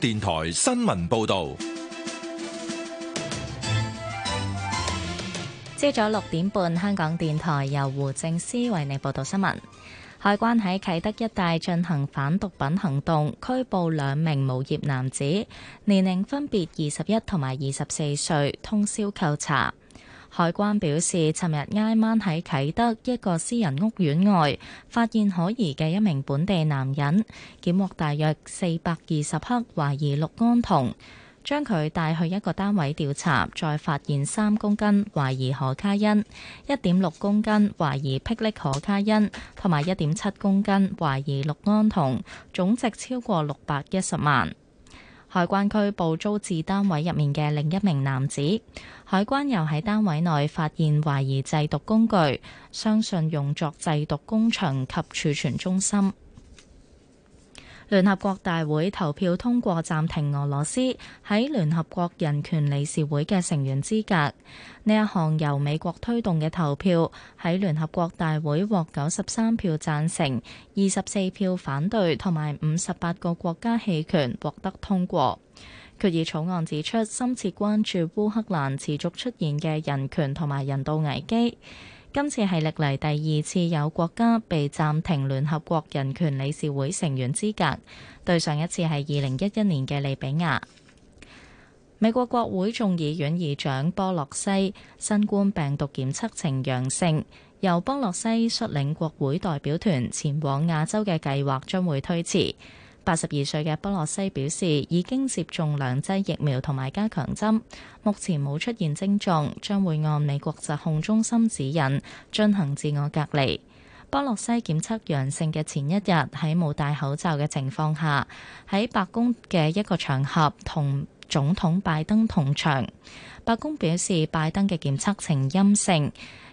電台新聞報道，朝早六點半。香港電台由胡正思為你報道新聞。海關喺啟德一帶進行反毒品行動，拘捕兩名無業男子，年齡分別二十一同埋二十四歲，通宵扣查。海關表示，尋日挨晚喺啟德一個私人屋苑外，發現可疑嘅一名本地男人，檢獲大約四百二十克懷疑氯胺酮，將佢帶去一個單位調查，再發現三公斤懷疑可卡因，一點六公斤懷疑霹靂可卡因，同埋一點七公斤懷疑氯胺酮，總值超過六百一十萬。海關拘捕租置單位入面嘅另一名男子，海關又喺單位內發現懷疑製毒工具，相信用作製毒工場及儲存中心。聯合國大會投票通過暫停俄羅斯喺聯合國人權理事會嘅成員資格。呢一項由美國推動嘅投票喺聯合國大會獲九十三票贊成、二十四票反對同埋五十八個國家棄權，獲得通過。決議草案指出，深切關注烏克蘭持續出現嘅人權同埋人道危機。今次係歷嚟第二次有國家被暫停聯合國人權理事會成員資格，對上一次係二零一一年嘅利比亞。美國國會眾議院議長波洛西新冠病毒檢測呈陽性，由波洛西率領國會代表團前往亞洲嘅計劃將會推遲。八十二歲嘅波洛西表示已經接種兩劑疫苗同埋加強針，目前冇出現症狀，將會按美國疾控中心指引進行自我隔離。波洛西檢測陽性嘅前一日，喺冇戴口罩嘅情況下，喺白宮嘅一個場合同總統拜登同場。白宮表示，拜登嘅檢測呈陰性，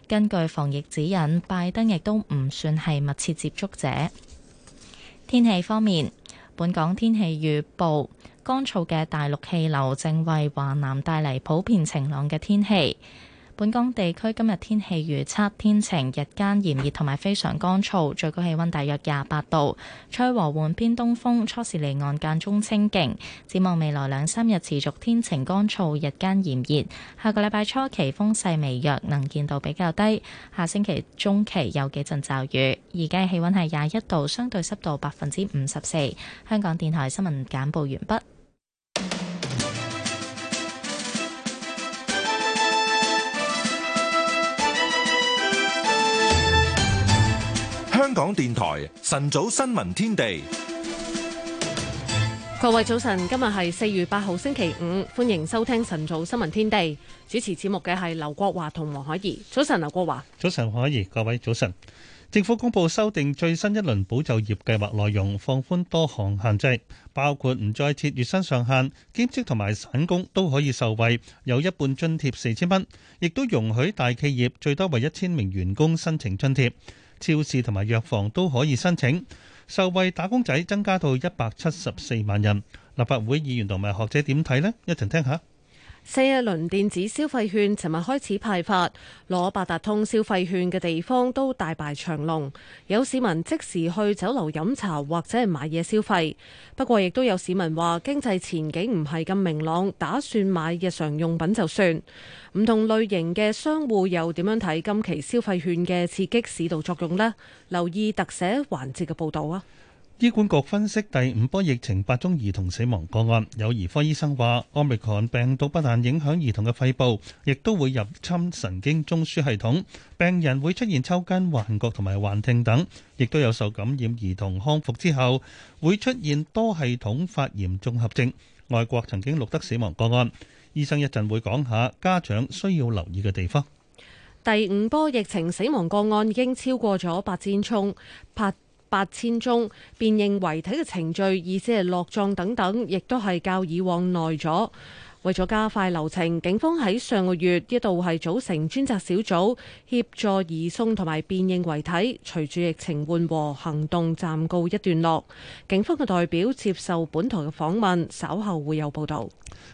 根據防疫指引，拜登亦都唔算係密切接觸者。天氣方面。本港天氣預報：乾燥嘅大陸氣流正為華南帶嚟普遍晴朗嘅天氣。本港地區今日天氣預測，天晴，日間炎熱同埋非常乾燥，最高氣溫大約廿八度，吹和緩偏東風，初時離岸間中清勁，展望未來兩三日持續天晴乾燥，日間炎熱，下個禮拜初期風勢微弱，能見度比較低。下星期中期有幾陣驟雨。而家氣溫係廿一度，相對濕度百分之五十四。香港電台新聞簡報完畢。電台晨早新聞天地，各位早晨，今日係四月八號星期五，歡迎收聽晨早新聞天地。主持節目嘅係劉國華同黃海怡。早晨，劉國華，早晨，黃海怡，各位早晨。政府公布修訂最新一輪保就業計劃內容，放寬多項限制，包括唔再設月薪上限，兼職同埋散工都可以受惠，有一半津貼四千蚊，亦都容許大企業最多為一千名員工申請津貼。超市同埋藥房都可以申請，受惠打工仔增加到一百七十四萬人，立法會議員同埋學者點睇咧？一陣聽下。四一輪電子消費券，尋日開始派發，攞八達通消費券嘅地方都大排長龍。有市民即時去酒樓飲茶或者係買嘢消費，不過亦都有市民話經濟前景唔係咁明朗，打算買日常用品就算。唔同類型嘅商戶又點樣睇今期消費券嘅刺激市道作用呢？留意特寫環節嘅報導啊！醫管局分析第五波疫情八宗兒童死亡個案，有兒科醫生話，奧密克戎病毒，不但影響兒童嘅肺部，亦都會入侵神經中樞系統，病人會出現抽筋、幻覺同埋幻聽等，亦都有受感染兒童康復之後會出現多系統發炎綜合症。外國曾經錄得死亡個案，醫生一陣會講下家長需要留意嘅地方。第五波疫情死亡個案已經超過咗八千宗。八八千宗辨認遺體嘅程序，意思係落葬等等，亦都係較以往耐咗。為咗加快流程，警方喺上個月一度係組成專責小組協助移送同埋辨認遺體。隨住疫情緩和，行動暫告一段落。警方嘅代表接受本台嘅訪問，稍後會有報導。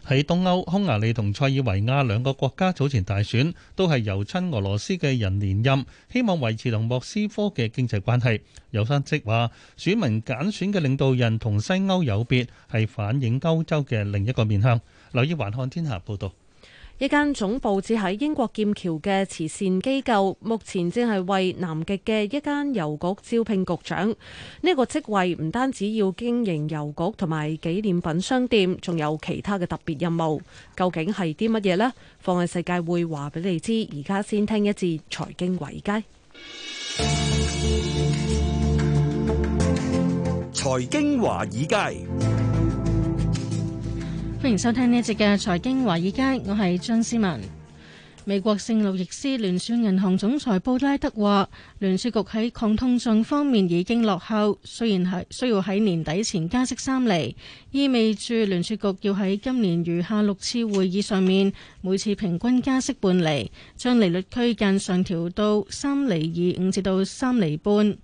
喺東歐，匈牙利同塞爾維亞兩個國家早前大選都係由親俄羅斯嘅人連任，希望維持同莫斯科嘅經濟關係。有分析話，選民揀選嘅領導人同西歐有別，係反映歐洲嘅另一個面向。留意環看天下報道，一間總部只喺英國劍橋嘅慈善機構，目前正係為南極嘅一間郵局招聘局長。呢、這個職位唔單止要經營郵局同埋紀念品商店，仲有其他嘅特別任務。究竟係啲乜嘢呢？放眼世界會話俾你知。而家先聽一節財,財經華爾街。財經華爾街。歡迎收聽呢一節嘅財經華爾街，我係張思文。美國聖路易斯聯儲銀行總裁布拉德話，聯儲局喺抗通脹方面已經落後，雖然係需要喺年底前加息三厘，意味住聯儲局要喺今年餘下六次會議上面，每次平均加息半厘，將利率區間上調到三厘二五至到三厘半。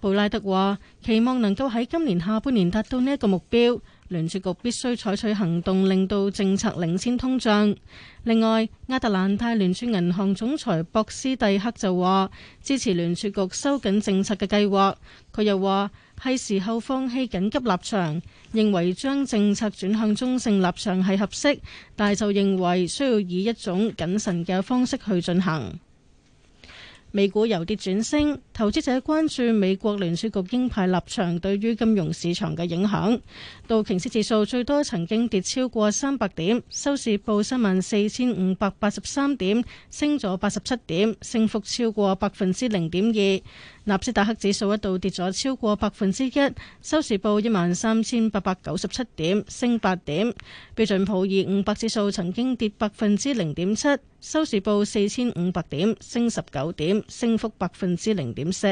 布拉德話，期望能夠喺今年下半年達到呢一個目標。聯儲局必須採取行動，令到政策領先通脹。另外，亞特蘭大聯儲銀行總裁博斯蒂克就話支持聯儲局收緊政策嘅計劃。佢又話係時候放棄緊急立場，認為將政策轉向中性立場係合適，但就認為需要以一種謹慎嘅方式去進行。美股由跌轉升，投資者關注美國聯儲局鷹派立場對於金融市場嘅影響。道瓊斯指數最多曾經跌超過三百點，收市報三萬四千五百八十三點，升咗八十七點，升幅超過百分之零點二。納斯達克指數一度跌咗超過百分之一，收市報一萬三千八百九十七點，升八點。標準普爾五百指數曾經跌百分之零點七。收市報四千五百點，升十九點，升幅百分之零點四。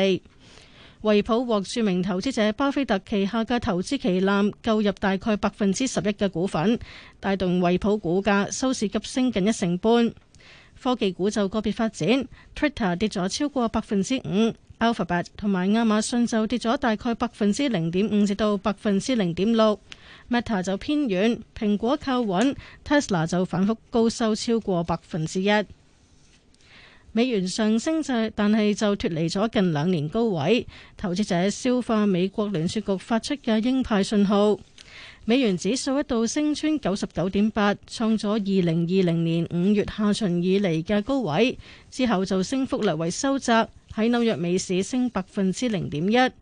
惠普獲著名投資者巴菲特旗下嘅投資旗艦購入大概百分之十一嘅股份，帶動惠普股價收市急升近一成半。科技股就個別發展，Twitter 跌咗超過百分之五，Alphabet 同埋亞馬遜就跌咗大概百分之零點五至到百分之零點六。Meta 就偏遠，蘋果靠穩，Tesla 就反覆高收超過百分之一。美元上升就，但係就脫離咗近兩年高位，投資者消化美國聯儲局發出嘅鷹派信號。美元指數一度升穿九十九點八，創咗二零二零年五月下旬以嚟嘅高位，之後就升幅略為收窄，喺紐約美市升百分之零點一。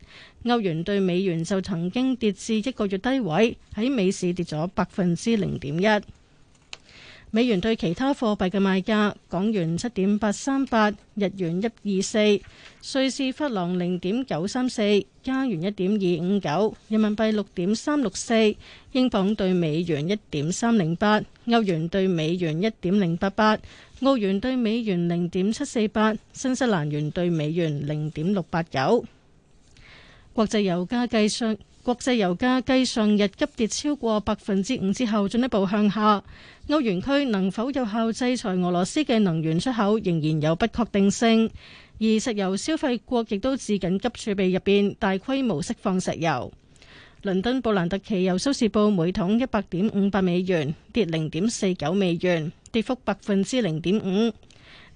歐元對美元就曾經跌至一個月低位，喺美市跌咗百分之零點一。美元對其他貨幣嘅賣價：港元七點八三八，日元一二四，瑞士法郎零點九三四，加元一點二五九，人民幣六點三六四，英鎊對美元一點三零八，歐元對美元一點零八八，澳元對美元零點七四八，新西蘭元對美元零點六八九。國際油價繼上國際油價繼上日急跌超過百分之五之後進一步向下。歐元區能否有效制裁俄羅斯嘅能源出口，仍然有不確定性。而石油消費國亦都自緊急儲備入邊大規模釋放石油。倫敦布蘭特期油收市報每桶一百點五百美元，跌零點四九美元，跌幅百分之零點五。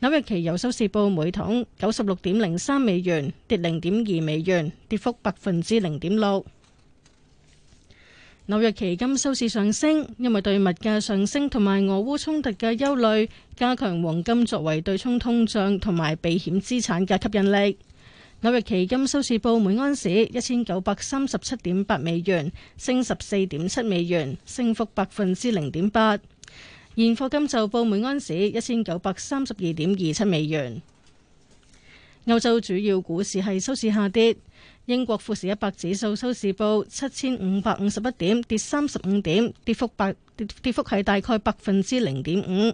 紐約期油收市報每桶九十六點零三美元，跌零點二美元，跌幅百分之零點六。紐約期金收市上升，因為對物價上升同埋俄烏衝突嘅憂慮，加強黃金作為對沖通脹同埋避險資產嘅吸引力。紐約期金收市報每安士一千九百三十七點八美元，升十四點七美元，升幅百分之零點八。現貨金就報每安士一千九百三十二點二七美元。歐洲主要股市係收市下跌，英國富時一百指數收市報七千五百五十一點，跌三十五點，跌幅百跌幅係大概百分之零點五。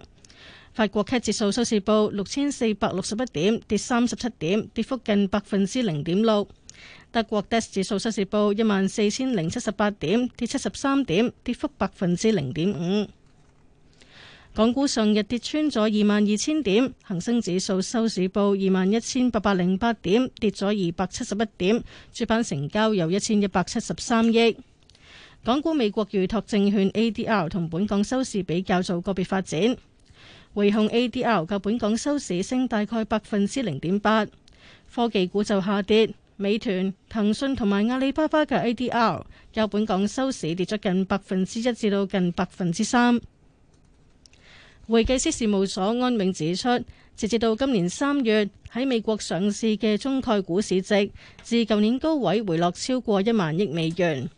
法國 CAC 指數收市報六千四百六十一點，跌三十七點，跌幅近百分之零點六。德國 DAX 指數收市報一萬四千零七十八點，跌七十三點，跌幅百分之零點五。港股上日跌穿咗二萬二千點，恒生指數收市報二萬一千八百零八點，跌咗二百七十一點，主板成交有一千一百七十三億。港股美國預託證券 ADR 同本港收市比較做個別發展，匯控 ADR 較本港收市升大概百分之零點八，科技股就下跌，美團、騰訊同埋阿里巴巴嘅 ADR 較本港收市跌咗近百分之一至到近百分之三。會計師事務所安永指出，截至到今年三月，喺美國上市嘅中概股市值，自舊年高位回落超過一萬億美元。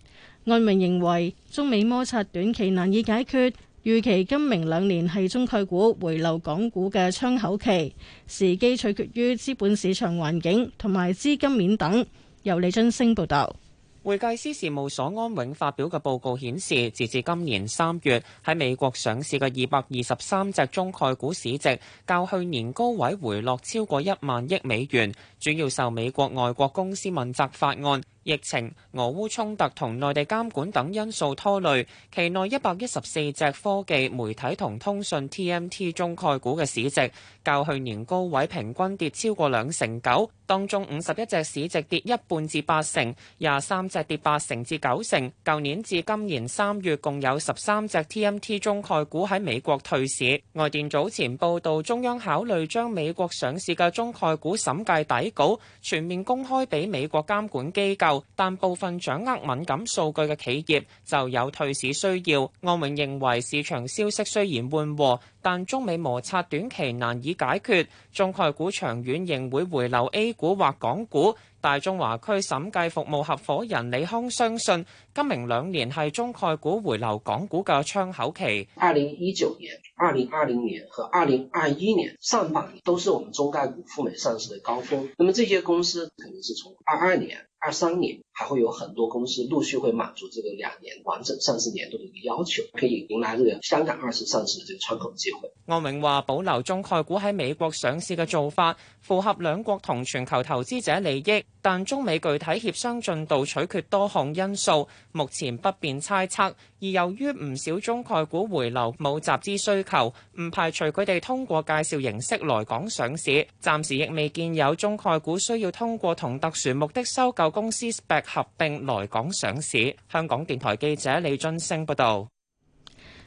安永認為，中美摩擦短期難以解決，預期今明兩年係中概股回流港股嘅窗口期，時機取決於資本市場環境同埋資金面等。由李津升報道。會計師事務所安永發表嘅報告顯示，截至今年三月，喺美國上市嘅二百二十三隻中概股市值，較去年高位回落超過一萬億美元，主要受美國外國公司問責法案、疫情、俄烏衝突同內地監管等因素拖累，期內一百一十四隻科技、媒體同通訊 TMT 中概股嘅市值，較去年高位平均跌超過兩成九。當中五十一隻市值跌一半至八成，廿三隻跌八成至九成。舊年至今年三月共有十三隻 TMT 中概股喺美國退市。外電早前報道，中央考慮將美國上市嘅中概股審計底稿全面公開俾美國監管機構。但部分掌握敏感數據嘅企業就有退市需要。安永認為市場消息雖然緩和，但中美摩擦短期難以解決，中概股長遠仍會回流 A 股或港股。大中華區審計服務合夥人李康相信，今明兩年係中概股回流港股嘅窗口期。二零一九年、二零二零年和二零二一年上半年都是我們中概股赴美上市嘅高峰，那麼這些公司肯定是從二二年。二三年。還會有很多公司陸續會滿足這個兩年完整上市年度的一個要求，可以迎來這個香港二次上市的這個窗口機會。安永話保留中概股喺美國上市嘅做法符合兩國同全球投資者利益，但中美具體協商進度取決多項因素，目前不便猜測。而由於唔少中概股回流冇集資需求，唔排除佢哋通過介紹形式來港上市。暫時亦未見有中概股需要通過同特殊目的收購公司。合併來港上市。香港電台記者李俊升報道。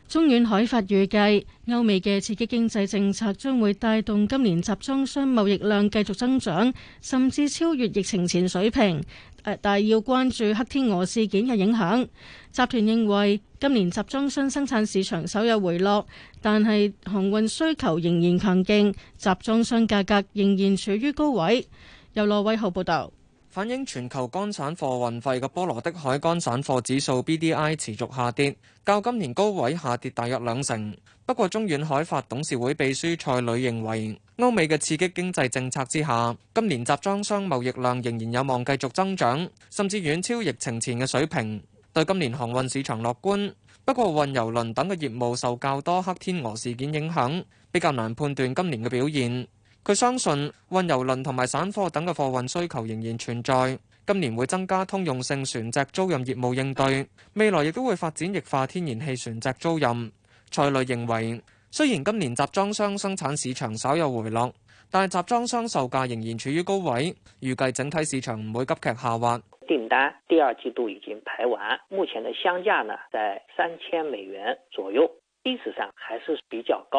中遠海發預計，歐美嘅刺激經濟政策將會帶動今年集裝箱貿易量繼續增長，甚至超越疫情前水平。呃，但要關注黑天鵝事件嘅影響。集團認為，今年集裝箱生產市場稍有回落，但係航運需求仍然強勁，集裝箱價格仍然處於高位。由羅偉浩報道。反映全球乾散貨運費嘅波羅的海乾散貨指數 BDI 持續下跌，較今年高位下跌大約兩成。不過，中遠海發董事會秘書蔡磊認為，歐美嘅刺激經濟政策之下，今年集裝箱貿易量仍然有望繼續增長，甚至遠超疫情前嘅水平。對今年航運市場樂觀，不過運油輪等嘅業務受較多黑天鵝事件影響，比較難判斷今年嘅表現。佢相信運油輪同埋散貨等嘅貨運需求仍然存在，今年會增加通用性船隻租賃業務應對，未來亦都會發展液化天然氣船隻租賃。蔡雷認為，雖然今年集裝箱生產市場稍有回落，但係集裝箱售價仍然處於高位，預計整體市場唔會急劇下滑。訂單第二季度已經排完，目前嘅箱價呢，在三千美元左右，歷史上還是比較高。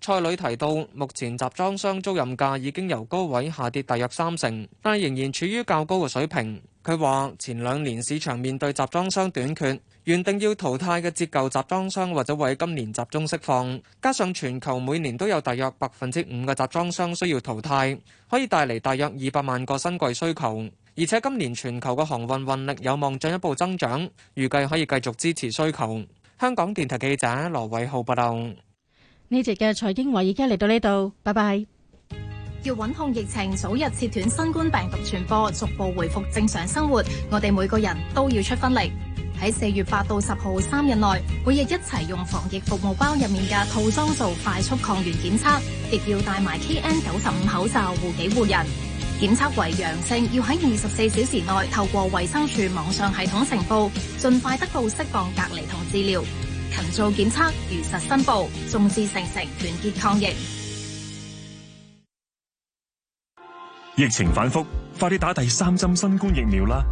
蔡女提到，目前集裝箱租賃價已經由高位下跌大約三成，但仍然處於較高嘅水平。佢話前兩年市場面對集裝箱短缺，原定要淘汰嘅折舊集裝箱或者為今年集中釋放，加上全球每年都有大約百分之五嘅集裝箱需要淘汰，可以帶嚟大約二百萬個新櫃需求。而且今年全球嘅航運運力有望進一步增長，預計可以繼續支持需求。香港電台記者羅偉浩報道。呢集嘅財經話已經嚟到呢度，拜拜。要穩控疫情，早日切斷新冠病毒傳播，逐步回復正常生活，我哋每個人都要出分力。喺四月八到十號三日內，每日一齊用防疫服務包入面嘅套裝做快速抗原檢測，亦要戴埋 KN 九十五口罩護己護人。檢測為陽性，要喺二十四小時內透過衛生署網上系統申報，盡快得到釋放隔離同治療。做檢測，如實申報，眾志成城，團結抗疫。疫情反復，快啲打第三針新冠疫苗啦！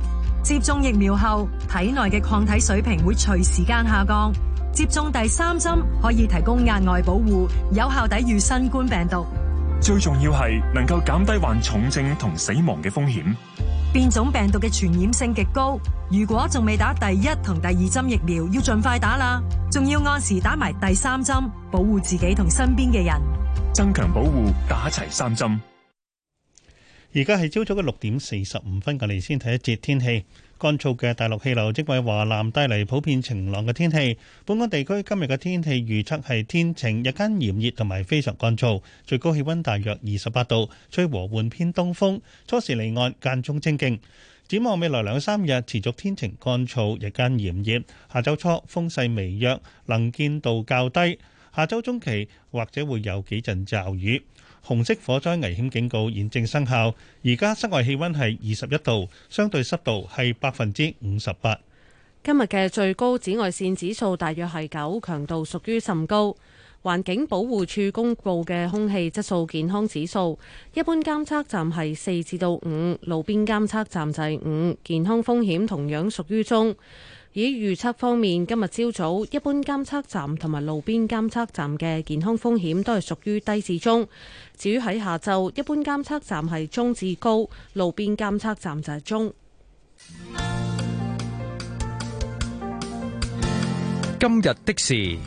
接種疫苗後，體內嘅抗體水平會隨時間下降，接種第三針可以提供額外保護，有效抵禦新冠病毒。最重要係能夠減低患重症同死亡嘅風險。變種病毒嘅傳染性極高，如果仲未打第一同第二針疫苗，要盡快打啦！仲要按時打埋第三針，保護自己同身邊嘅人，增強保護，打齊三針。而家係朝早嘅六點四十五分，我哋先睇一節天氣。乾燥嘅大陸氣流正為華南帶嚟普遍晴朗嘅天氣。本港地區今日嘅天氣預測係天晴，日間炎熱同埋非常乾燥，最高氣溫大約二十八度，吹和緩偏東風，初時離岸，間中清勁。展望未來兩三日持續天晴乾燥，日間炎熱。下週初風勢微弱，能見度較低。下週中期或者會有幾陣驟雨。紅色火災危險警告現正生效，而家室外氣温係二十一度，相對濕度係百分之五十八。今日嘅最高紫外線指數大約係九，強度屬於甚高。環境保護署公布嘅空氣質素健康指數，一般監測站係四至到五，路邊監測站就係五，健康風險同樣屬於中。以預測方面，今日朝早一般監測站同埋路邊監測站嘅健康風險都係屬於低至中。至於喺下晝，一般監測站係中至高，路邊監測站就係中。今日的事。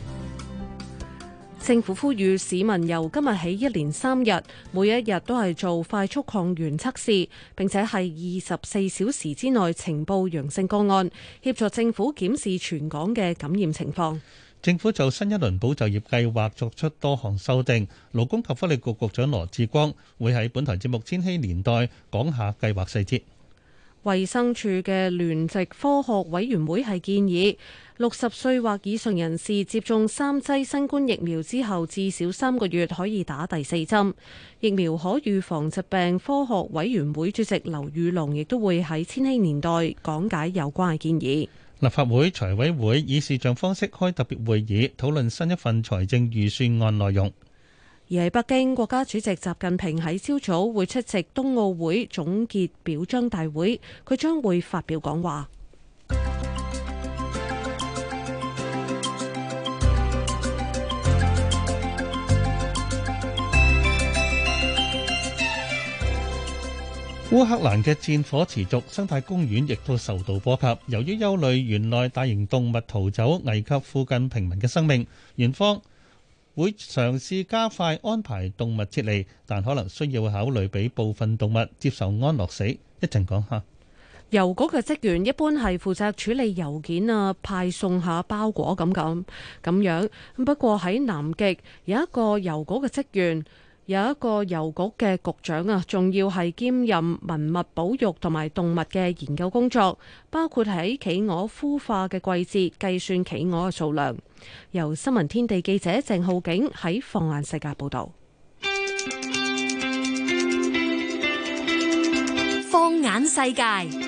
政府呼籲市民由今日起一連三日，每一日都係做快速抗原測試，並且係二十四小時之內呈報陽性個案，協助政府檢視全港嘅感染情況。政府就新一輪保就業計劃作出多項修訂，勞工及福利局局長羅致光會喺本台節目《千禧年代》講下計劃細節。衛生署嘅聯席科學委員會係建議，六十歲或以上人士接種三劑新冠疫苗之後，至少三個月可以打第四針。疫苗可預防疾病科學委員會主席劉宇龍亦都會喺千禧年代講解有關嘅建議。立法會財委會以視像方式開特別會議，討論新一份財政預算案內容。而喺北京，國家主席習近平喺朝早會出席冬奧會總結表彰大會，佢將會發表講話。烏克蘭嘅戰火持續，生態公園亦都受到波及。由於憂慮園內大型動物逃走，危及附近平民嘅生命，園方會嘗試加快安排動物撤離，但可能需要考慮俾部分動物接受安樂死。一陣講下，郵局嘅職員一般係負責處理郵件啊、派送下包裹咁咁咁樣。不過喺南極，有一個郵局嘅職員。有一個郵局嘅局長啊，仲要係兼任文物保育同埋動物嘅研究工作，包括喺企鵝孵化嘅季節計算企鵝嘅數量。由新聞天地記者鄭浩景喺放眼世界報道。放眼世界。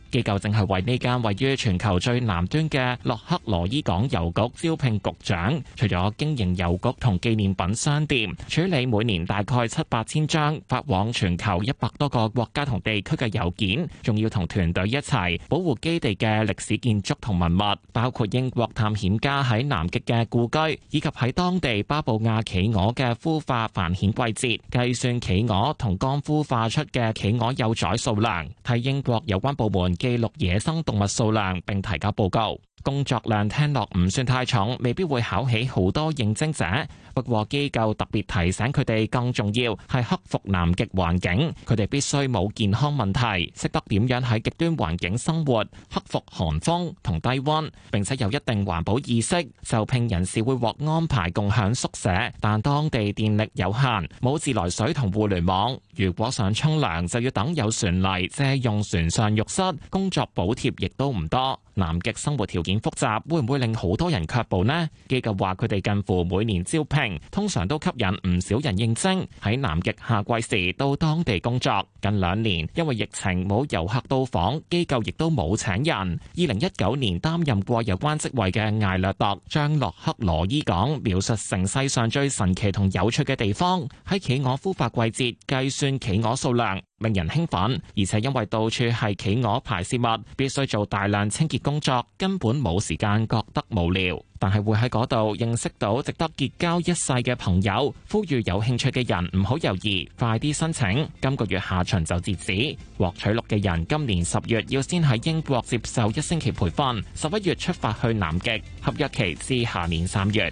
機構正係為呢間位於全球最南端嘅洛克羅伊港郵局招聘局長，除咗經營郵局同紀念品商店，處理每年大概七八千張發往全球一百多個國家同地區嘅郵件，仲要同團隊一齊保護基地嘅歷史建築同文物，包括英國探險家喺南極嘅故居，以及喺當地巴布亞企鵝嘅孵化繁衍季節，計算企鵝同剛孵化出嘅企鵝幼崽數量，替英國有關部門。記錄野生動物數量並提交報告，工作量聽落唔算太重，未必會考起好多應徵者。不過機構特別提醒佢哋，更重要係克服南極環境，佢哋必須冇健康問題，識得點樣喺極端環境生活，克服寒風同低溫，並且有一定環保意識。受聘人士會獲安排共享宿舍，但當地電力有限，冇自來水同互聯網。如果想沖涼，就要等有船嚟借用船上浴室。工作補貼亦都唔多，南極生活條件複雜，會唔會令好多人卻步呢？機構話，佢哋近乎每年招聘，通常都吸引唔少人應徵喺南極夏季時到當地工作。近兩年因為疫情冇遊客到訪，機構亦都冇請人。二零一九年擔任過有關職位嘅艾略特將洛克羅伊港描述成世上最神奇同有趣嘅地方，喺企鵝孵化季節計算企鵝數量，令人興奮，而且因為到處係企鵝排泄物，必須做大量清潔工作，根本冇時間覺得無聊。但係會喺嗰度認識到值得結交一世嘅朋友。呼籲有興趣嘅人唔好猶豫，快啲申請。今個月下旬就截止，獲取錄嘅人今年十月要先喺英國接受一星期培訓，十一月出發去南極，合約期至下年三月。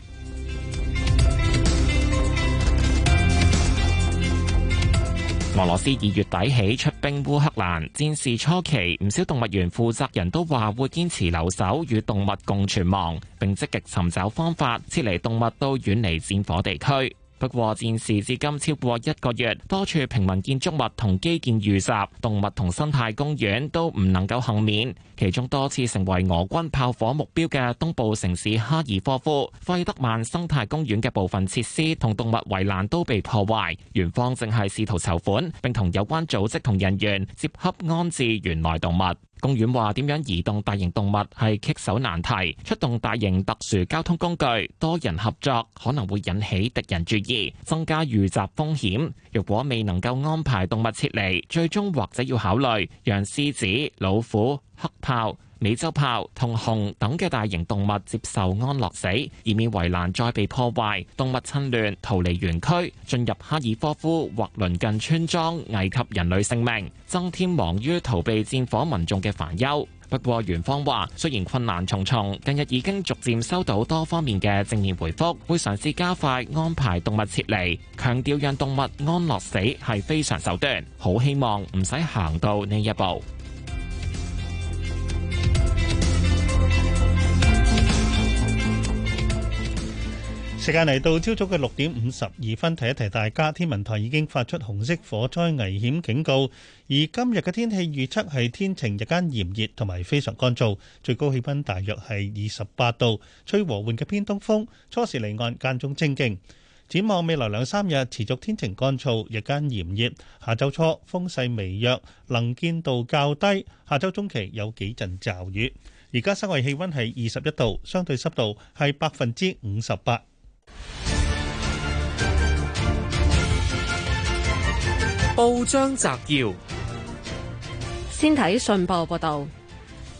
俄羅斯二月底起出兵烏克蘭，戰事初期，唔少動物園負責人都話會堅持留守與動物共存亡，並積極尋找方法撤離動物到遠離戰火地區。不過戰事至今超過一個月，多處平民建築物同基建遇襲，動物同生態公園都唔能夠幸免。其中多次成為俄軍炮火目標嘅東部城市哈爾科夫，費德曼生態公園嘅部分設施同動物圍欄都被破壞。園方正係試圖籌款，並同有關組織同人員接洽安置園內動物。公園話：點樣移動大型動物係棘手難題，出動大型特殊交通工具，多人合作可能會引起敵人注意，增加遇襲風險。若果未能夠安排動物撤離，最終或者要考慮讓獅子、老虎、黑豹、美洲豹同熊等嘅大型動物接受安樂死，以免圍欄再被破壞，動物趁亂逃離園區，進入哈爾科夫或鄰近村莊，危及人類性命，增添忙於逃避戰火民眾嘅煩憂。不過，園方話雖然困難重重，近日已經逐漸收到多方面嘅正面回覆，會嘗試加快安排動物撤離，強調讓動物安樂死係非常手段，好希望唔使行到呢一步。時間嚟到朝早嘅六點五十二分，提一提大家。天文台已經發出紅色火災危險警告，而今日嘅天氣預測係天晴，日間炎熱同埋非常乾燥，最高氣溫大約係二十八度，吹和緩嘅偏東風，初時離岸，間中清勁。展望未來兩三日持續天晴乾燥，日間炎熱。下周初風勢微弱，能見度較低。下周中期有幾陣驟雨。而家室外氣溫係二十一度，相對濕度係百分之五十八。報章摘要：先睇信報報道，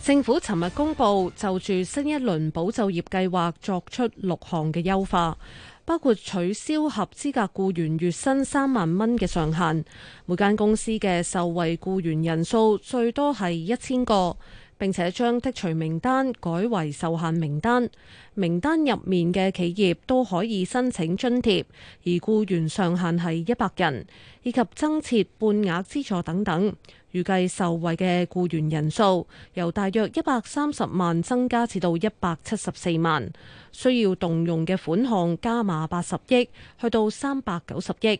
政府尋日公布就住新一輪保就業計劃作出六項嘅優化，包括取消合資格僱員月薪三萬蚊嘅上限，每間公司嘅受惠僱員人數最多係一千個。並且將剔除名單改為受限名單，名單入面嘅企業都可以申請津貼，而雇員上限係一百人，以及增設半額資助等等。預計受惠嘅雇員人數由大約一百三十萬增加至到一百七十四萬，需要動用嘅款項加碼八十億，去到三百九十億。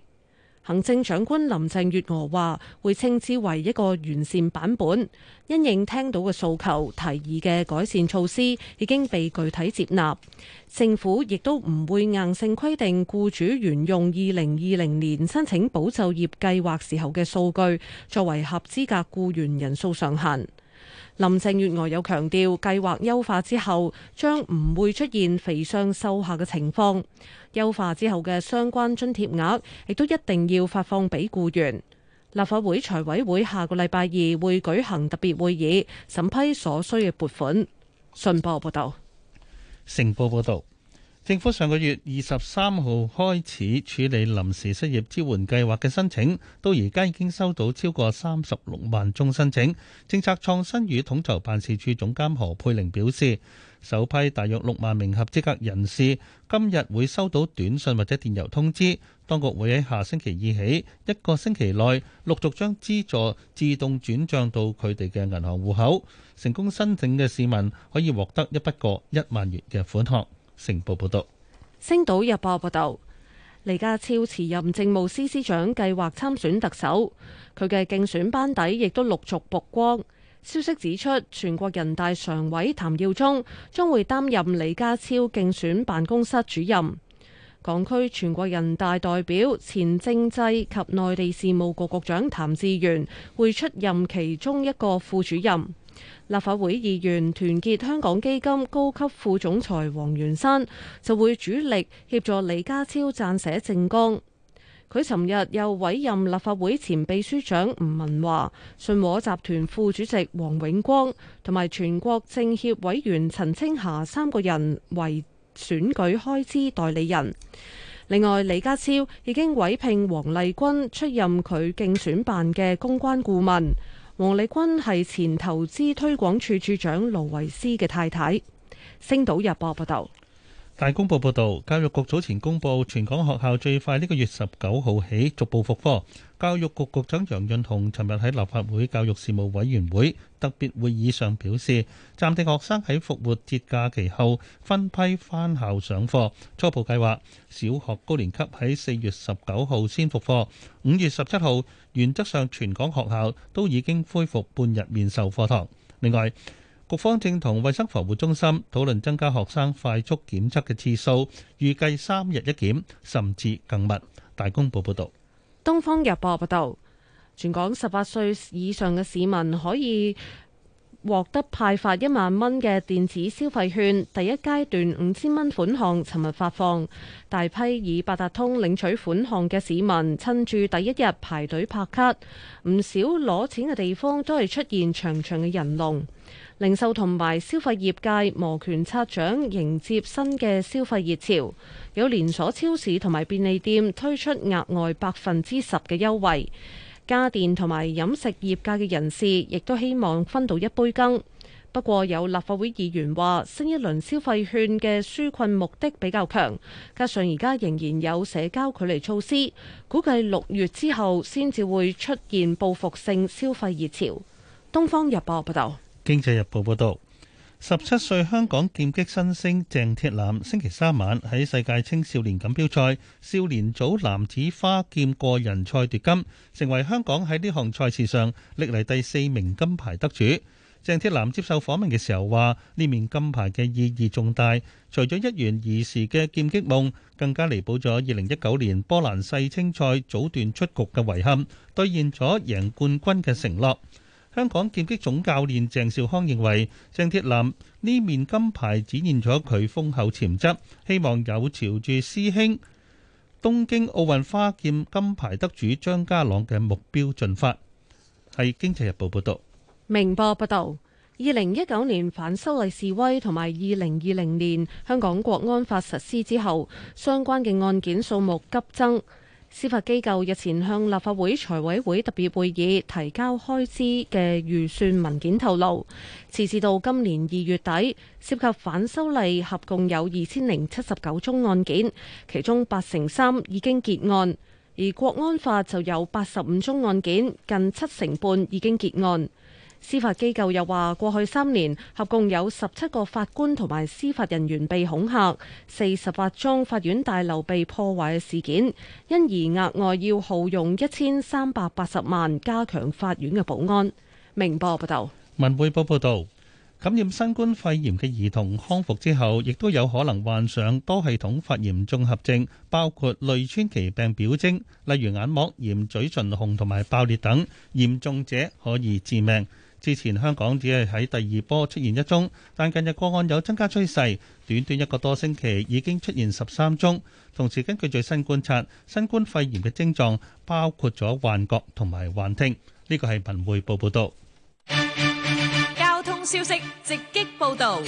行政長官林鄭月娥話，會稱之為一個完善版本，因應聽到嘅訴求，提議嘅改善措施已經被具體接納。政府亦都唔會硬性規定僱主沿用二零二零年申請保就業計劃時候嘅數據作為合資格僱員人數上限。林鄭月娥有強調，計劃優化之後，將唔會出現肥上瘦下嘅情況。優化之後嘅相關津貼額，亦都一定要發放俾雇員。立法會財委會下個禮拜二會舉行特別會議，審批所需嘅撥款。信報報道，成報報道。政府上個月二十三號開始處理臨時失業支援計劃嘅申請，到而家已經收到超過三十六萬宗申請。政策創新與統籌辦事處總監何佩玲表示，首批大約六萬名合資格人士今日會收到短信或者電郵通知，當局會喺下星期二起一個星期內陸續將資助自動轉賬到佢哋嘅銀行戶口。成功申請嘅市民可以獲得一筆過一萬元嘅款項。星報報道，星島日報報道，李家超辭任政務司司長，計劃參選特首。佢嘅競選班底亦都陸續曝光。消息指出，全國人大常委譚耀宗將會擔任李家超競選辦公室主任。港區全國人大代表、前政制及內地事務局局長譚志源會出任其中一個副主任。立法會議員團結香港基金高級副總裁黃元山就會主力協助李家超撰寫政綱。佢尋日又委任立法會前秘書長吳文華、信和集團副主席黃永光同埋全國政協委員陳清霞三個人為選舉開支代理人。另外，李家超已經委聘黃麗君出任佢競選辦嘅公關顧問。黃麗君係前投資推廣處處長盧維斯嘅太太。星島日報報道。大公報報道，教育局早前公布，全港學校最快呢個月十九號起逐步復課。教育局局長楊潤雄尋日喺立法會教育事務委員會特別會議上表示，暫定學生喺復活節假期後分批翻校上課。初步計劃，小學高年級喺四月十九號先復課，五月十七號原則上全港學校都已經恢復半日面授課堂。另外，局方正同衛生防護中心討論增加學生快速檢測嘅次數，預計三日一檢，甚至更密。大公報報道。東方日報報道，全港十八歲以上嘅市民可以獲得派發一萬蚊嘅電子消費券，第一階段五千蚊款項尋日發放，大批以八達通領取款項嘅市民趁住第一日排隊拍卡，唔少攞錢嘅地方都係出現長長嘅人龍，零售同埋消費業界摩拳擦掌迎接新嘅消費熱潮。有連鎖超市同埋便利店推出額外百分之十嘅優惠，家電同埋飲食業界嘅人士亦都希望分到一杯羹。不過有立法會議員話，新一輪消費券嘅紓困目的比較強，加上而家仍然有社交距離措施，估計六月之後先至會出現報復性消費熱潮。東方日報報道，經濟日報報道。十七歲香港劍擊新星鄭鐵男星期三晚喺世界青少年錦標賽少年組男子花劍個人賽奪金，成為香港喺呢項賽事上歷嚟第四名金牌得主。鄭鐵男接受訪問嘅時候話：呢面金牌嘅意義重大，除咗一圓兒時嘅劍擊夢，更加彌補咗二零一九年波蘭世青賽早段出局嘅遺憾，兌現咗贏冠軍嘅承諾。香港劍擊總教練鄭少康認為，鄭鐵林呢面金牌展現咗佢豐厚潛質，希望有朝住師兄東京奧運花劍金牌得主張家朗嘅目標進發。係《經濟日報》報道：明報報道，二零一九年反修例示威同埋二零二零年香港國安法實施之後，相關嘅案件數目急增。司法機構日前向立法會財委會特別會議提交開支嘅預算文件，透露，截至到今年二月底，涉及反修例合共有二千零七十九宗案件，其中八成三已經結案，而國安法就有八十五宗案件，近七成半已經結案。司法機構又話，過去三年合共有十七個法官同埋司法人員被恐嚇，四十八宗法院大樓被破壞嘅事件，因而額外要耗用一千三百八十萬加強法院嘅保安。明報報道。文匯報報道，感染新冠肺炎嘅兒童康復之後，亦都有可能患上多系統發炎綜合症，包括類川崎病表徵，例如眼膜炎、嘴唇紅同埋爆裂等，嚴重者可以致命。之前香港只係喺第二波出現一宗，但近日個案有增加趨勢，短短一個多星期已經出現十三宗。同時根據最新觀察，新冠肺炎嘅症狀包括咗幻覺同埋幻聽。呢個係文匯報報道。交通消息直擊報道。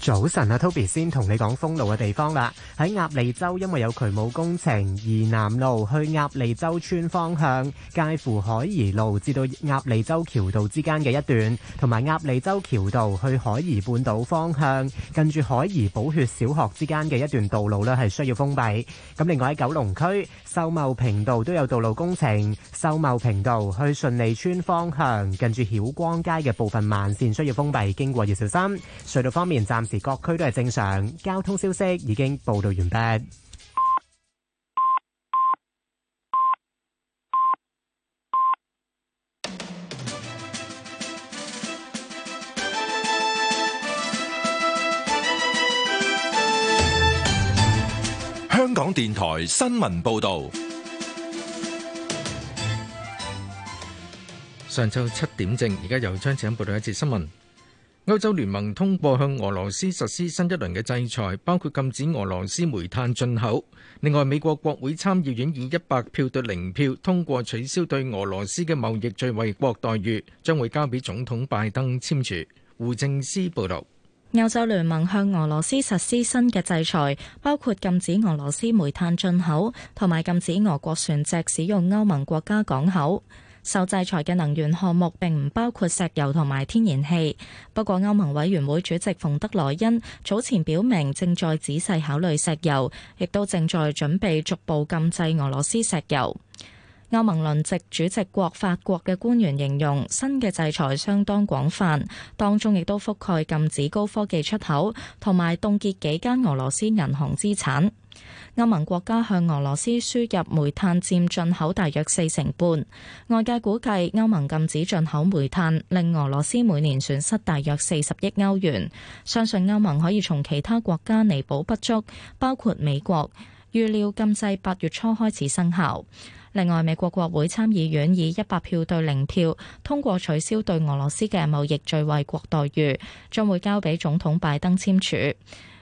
早晨啊，Toby 先同你講封路嘅地方啦。喺鴨脷洲，因為有渠務工程，怡南路去鴨脷洲村方向，介乎海怡路至到鴨脷洲橋道之間嘅一段，同埋鴨脷洲橋道去海怡半島方向，近住海怡寶血小學之間嘅一段道路咧，係需要封閉。咁另外喺九龍區。秀茂坪道都有道路工程，秀茂坪道去順利村方向近住曉光街嘅部分慢綫需要封閉，經過要小心。隧道方面暫時各區都係正常，交通消息已經報道完畢。香港電台新聞報道，上晝七點正，而家由張子欣報道一節新聞。歐洲聯盟通過向俄羅斯實施新一輪嘅制裁，包括禁止俄羅斯煤炭進口。另外，美國國會參議院以一百票對零票通過取消對俄羅斯嘅貿易最惠國待遇，將會交俾總統拜登簽署。胡政思報道。歐洲聯盟向俄羅斯實施新嘅制裁，包括禁止俄羅斯煤炭進口，同埋禁止俄國船隻使用歐盟國家港口。受制裁嘅能源項目並唔包括石油同埋天然氣。不過，歐盟委員會主席馮德萊恩早前表明，正在仔細考慮石油，亦都正在準備逐步禁制俄羅斯石油。歐盟輪值主席國法國嘅官員形容新嘅制裁相當廣泛，當中亦都覆蓋禁止高科技出口同埋凍結幾間俄羅斯銀行資產。歐盟國家向俄羅斯輸入煤炭佔進口大約四成半，外界估計歐盟禁止進口煤炭令俄羅斯每年損失大約四十億歐元。相信歐盟可以從其他國家彌補不足，包括美國。預料禁制八月初開始生效。另外，美國國會參議院以一百票對零票通過取消對俄羅斯嘅貿易最惠國待遇，將會交俾總統拜登簽署。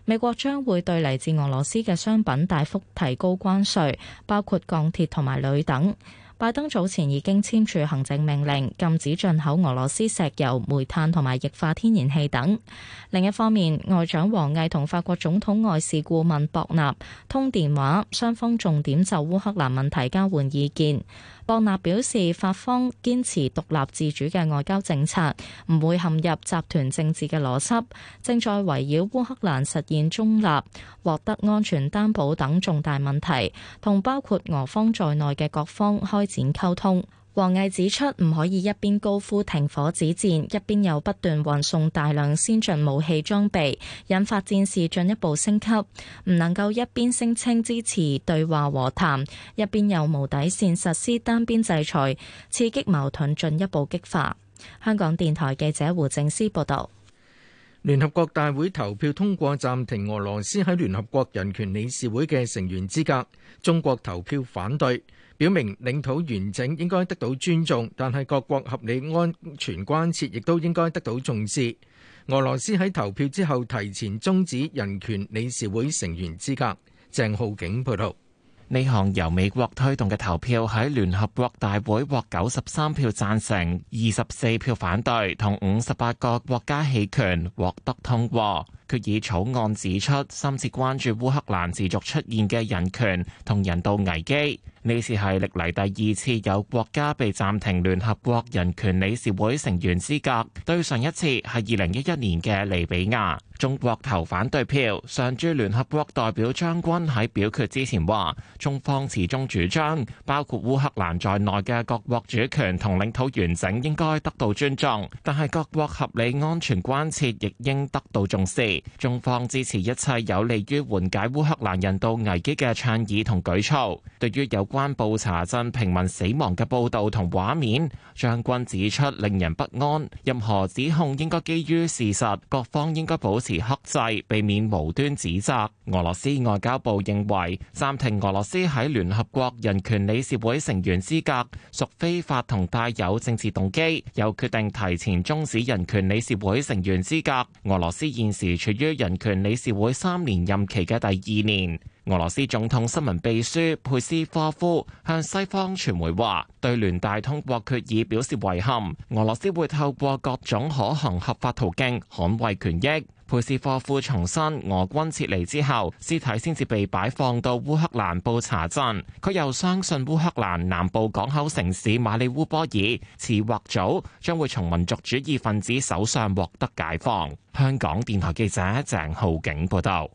美國將會對嚟自俄羅斯嘅商品大幅提高關稅，包括鋼鐵同埋鋁等。拜登早前已經簽署行政命令，禁止進口俄羅斯石油、煤炭同埋液化天然氣等。另一方面，外長王毅同法國總統外事顧問博納通電話，雙方重點就烏克蘭問題交換意見。博納表示，法方堅持獨立自主嘅外交政策，唔會陷入集團政治嘅邏輯，正在圍繞烏克蘭實現中立、獲得安全擔保等重大問題，同包括俄方在內嘅各方開展溝通。王毅指出，唔可以一邊高呼停火止戰，一邊又不斷運送大量先進武器裝備，引發戰事進一步升級；唔能夠一邊聲稱支持對話和談，一邊又無底線實施單邊制裁，刺激矛盾進一步激化。香港電台記者胡正思報道，聯合國大會投票通過暫停俄羅斯喺聯合國人權理事會嘅成員資格，中國投票反對。表明領土完整應該得到尊重，但係各國合理安全關切亦都應該得到重視。俄羅斯喺投票之後提前終止人權理事會成員資格。鄭浩景報道，呢項由美國推動嘅投票喺聯合國大會獲九十三票贊成、二十四票反對同五十八個國家棄權獲得通過。決議草案指出，深切關注烏克蘭持續出現嘅人權同人道危機。呢次係歷嚟第二次有國家被暫停聯合國人權理事會成員資格，對上一次係二零一一年嘅利比亞。中國投反對票。上駐聯合國代表張軍喺表決之前話，中方始終主張，包括烏克蘭在內嘅各國主權同領土完整應該得到尊重，但係各國合理安全關切亦應得到重視。中方支持一切有利於緩解烏克蘭人道危機嘅倡議同舉措。對於有關布查鎮平民死亡嘅報道同畫面，張軍指出令人不安。任何指控應該基於事實，各方應該保持克制，避免無端指責。俄羅斯外交部認為暫停俄羅斯喺聯合國人權理事會成員資格屬非法同帶有政治動機，又決定提前終止人權理事會成員資格。俄羅斯現時，處於人權理事會三年任期嘅第二年。俄羅斯總統新聞秘書佩斯科夫向西方傳媒話，對聯大通過決議表示遺憾。俄羅斯會透過各種可行合法途徑捍衛權益。佩斯科夫重申，俄軍撤離之後，屍體先至被擺放到烏克蘭布查鎮。佢又相信烏克蘭南部港口城市馬里烏波爾，遲或早將會從民族主義分子手上獲得解放。香港電台記者鄭浩景報道。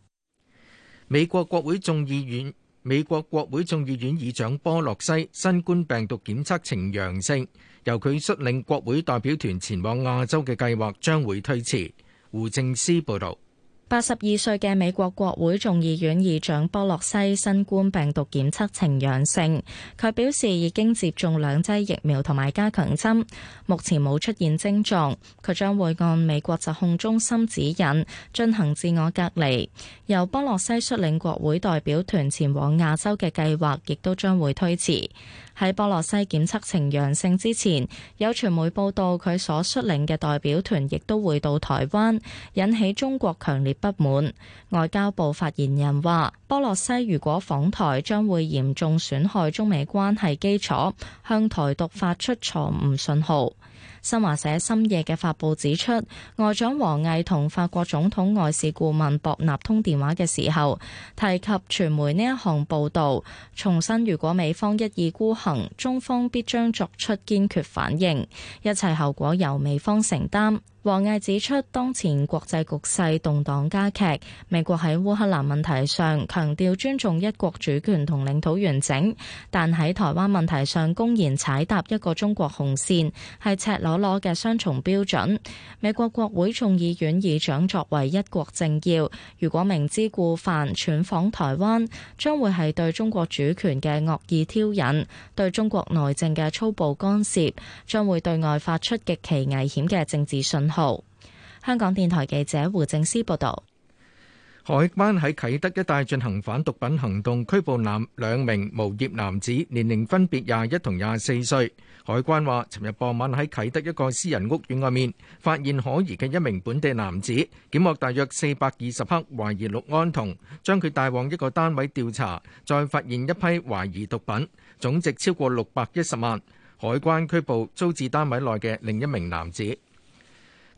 美國國會眾議院美國國會眾議院議長波洛西新冠病毒檢測呈陽性，由佢率領國會代表團前往亞洲嘅計劃將會推遲，胡正思報道。八十二歲嘅美國國會眾議院議長波洛西新冠病毒檢測呈陽性，佢表示已經接種兩劑疫苗同埋加強針，目前冇出現症狀。佢將會按美國疾控中心指引進行自我隔離。由波洛西率領國會代表團前往亞洲嘅計劃亦都將會推遲。喺波洛西檢測呈陽性之前，有傳媒報道佢所率領嘅代表團亦都會到台灣，引起中國強烈不滿。外交部發言人話：波洛西如果訪台，將會嚴重損害中美關係基礎，向台獨發出錯誤信號。新華社深夜嘅發布指出，外長王毅同法國總統外事顧問博納通電話嘅時候，提及傳媒呢一項報道，重申如果美方一意孤行，中方必將作出堅決反應，一切後果由美方承擔。王毅指出，當前國際局勢動盪加劇，美國喺烏克蘭問題上強調尊重一國主權同領土完整，但喺台灣問題上公然踩踏一個中國紅線，係赤裸裸嘅雙重標準，美國國會眾議院議長作為一國政要，如果明知故犯，串訪台灣，將會係對中國主權嘅惡意挑釁，對中國內政嘅粗暴干涉，將會對外發出極其危險嘅政治信號。號香港電台記者胡正思報道，海關喺啟德一帶進行反毒品行動，拘捕男兩名無業男子，年齡分別廿一同廿四歲。海關話，尋日傍晚喺啟德一個私人屋苑外面發現可疑嘅一名本地男子，檢獲大約四百二十克懷疑氯胺酮，將佢帶往一個單位調查，再發現一批懷疑毒品，總值超過六百一十萬。海關拘捕租置單位內嘅另一名男子。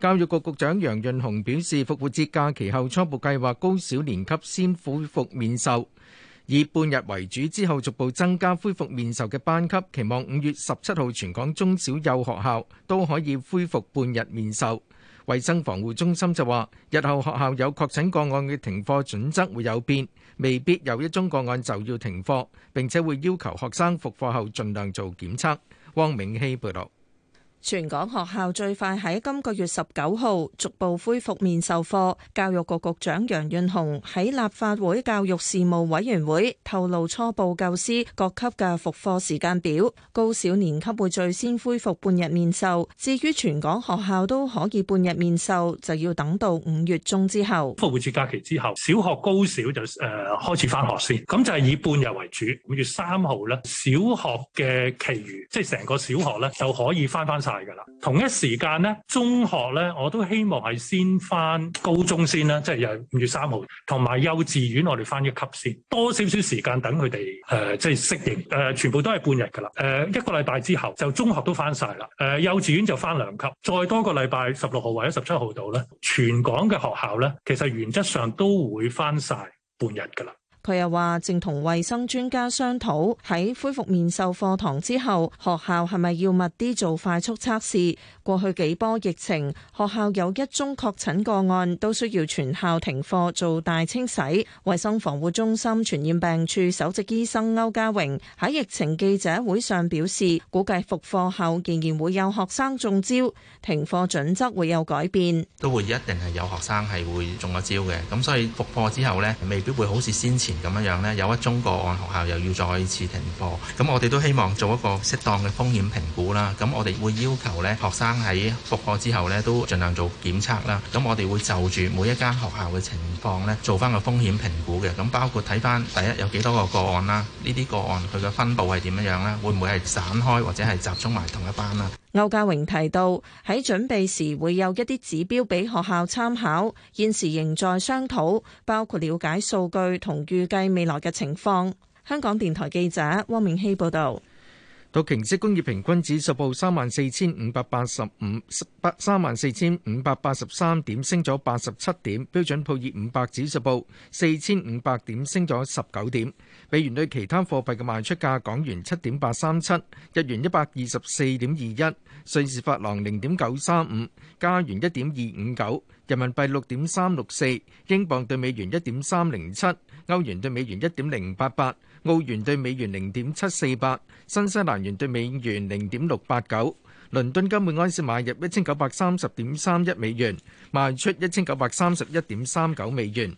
教育局局長楊潤雄表示，復活節假期後初步計劃高小年級先恢復面授，以半日為主，之後逐步增加恢復面授嘅班級。期望五月十七號全港中小幼學校都可以恢復半日面授。衛生防護中心就話，日後學校有確診個案嘅停課準則會有變，未必有一宗個案就要停課，並且會要求學生復課後盡量做檢測。汪明熙報道。全港學校最快喺今個月十九號逐步恢復面授課。教育局局長楊潤雄喺立法會教育事務委員會透露，初步教師各級嘅復課時間表，高小年級會最先恢復半日面授，至於全港學校都可以半日面授，就要等到五月中之後復活節假期之後，小學高小就誒、呃、開始翻學先，咁就係以半日為主。五月三號呢，小學嘅其餘即係成個小學呢，就可以翻翻晒。係噶啦，同一時間咧，中學咧我都希望係先翻高中先啦，即係又係五月三號，同埋幼稚園我哋翻一級先，多少少時間等佢哋誒即係適應誒、呃，全部都係半日噶啦誒，一個禮拜之後就中學都翻晒啦誒，幼稚園就翻兩級，再多個禮拜十六號或者十七號度咧，全港嘅學校咧其實原則上都會翻晒半日噶啦。佢又話正同衛生專家商討，喺恢復面授課堂之後，學校係咪要密啲做快速測試？過去幾波疫情，學校有一宗確診個案，都需要全校停課做大清洗。衛生防護中心傳染病處首席醫生歐家榮喺疫情記者會上表示，估計復課後仍然會有學生中招，停課準則會有改變。都會一定係有學生係會中咗招嘅，咁所以復課之後咧，未必會好似先前。咁樣樣咧，有一宗個案，學校又要再次停課。咁我哋都希望做一個適當嘅風險評估啦。咁我哋會要求咧，學生喺復課之後咧，都盡量做檢測啦。咁我哋會就住每一間學校嘅情況咧，做返個風險評估嘅。咁包括睇返第一有幾多個個案啦，呢啲個案佢嘅分佈係點樣樣咧？會唔會係散開或者係集中埋同一班啊？歐家榮提到，喺準備時會有一啲指標俾學校參考，現時仍在商討，包括了解數據同預計未來嘅情況。香港電台記者汪明希報道。道瓊斯工業平均指數報三萬四千五百八十五，八三萬四千五百八十三點，升咗八十七點。標準普爾五百指數報四千五百點，升咗十九點。美元對其他貨幣嘅賣出價：港元七點八三七，日元一百二十四點二一，瑞士法郎零點九三五，加元一點二五九。人民幣六點三六四，英鎊對美元一點三零七，歐元對美元一點零八八，澳元對美元零點七四八，新西蘭元對美元零點六八九。倫敦金每安士買入一千九百三十點三一美元，賣出一千九百三十一點三九美元。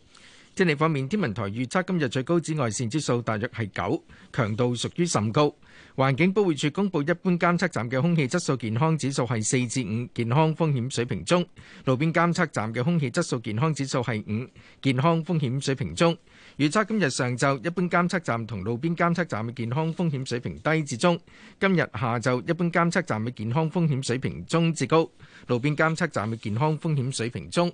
天氣方面，天文台預測今日最高紫外線指數大約係九，強度屬於甚高。環境保護署公布一般監測站嘅空氣質素健康指數係四至五，健康風險水平中；路邊監測站嘅空氣質素健康指數係五，健康風險水平中。預測今日上晝一般監測站同路邊監測站嘅健康風險水平低至中；今日下晝一般監測站嘅健康風險水平中至高，路邊監測站嘅健康風險水平中。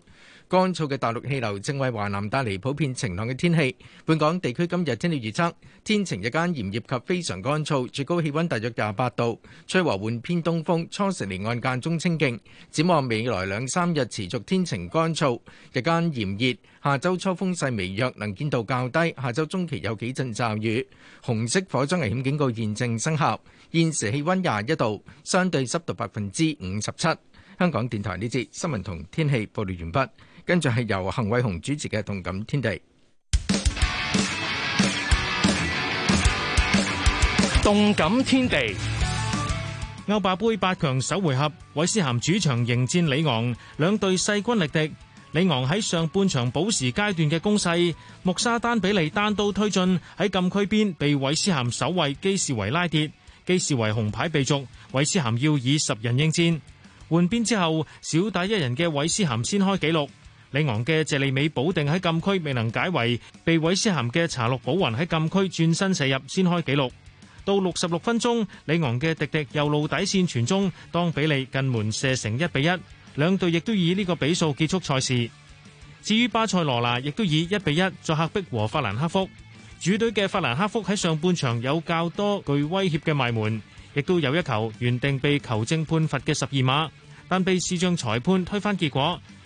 乾燥嘅大陸氣流正為華南帶嚟普遍晴朗嘅天氣。本港地區今日天氣預測，天晴，日間炎熱及非常乾燥，最高氣温大約廿八度，吹和緩偏東風，初時沿岸間中清勁。展望未來兩三日持續天晴乾燥，日間炎熱。下周初風勢微弱，能見度較低。下周中期有幾陣驟雨。紅色火災危險警告現正生效。現時氣温廿一度，相對濕度百分之五十七。香港電台呢節新聞同天氣報料完畢。跟住係由恆偉雄主持嘅《動感天地》。動感天地歐霸盃八強首回合，韋斯咸主場迎戰里昂，兩隊勢均力敵。里昂喺上半場補時階段嘅攻勢，穆沙丹比利單刀推進喺禁區邊，被韋斯咸守衛基士維拉跌，基士維紅牌被逐，韋斯咸要以十人應戰。換邊之後，少打一人嘅韋斯咸先開紀錄。里昂嘅謝利美保定喺禁區未能解圍，被韋斯咸嘅查洛保雲喺禁區轉身射入先開紀錄。到六十六分鐘，里昂嘅迪迪右路底線傳中，當比利近門射成一比一，兩隊亦都以呢個比數結束賽事。至於巴塞羅那亦都以一比一作客逼和法蘭克福。主隊嘅法蘭克福喺上半場有較多具威脅嘅賣門，亦都有一球原定被球證判罰嘅十二碼，但被視像裁判推翻結果。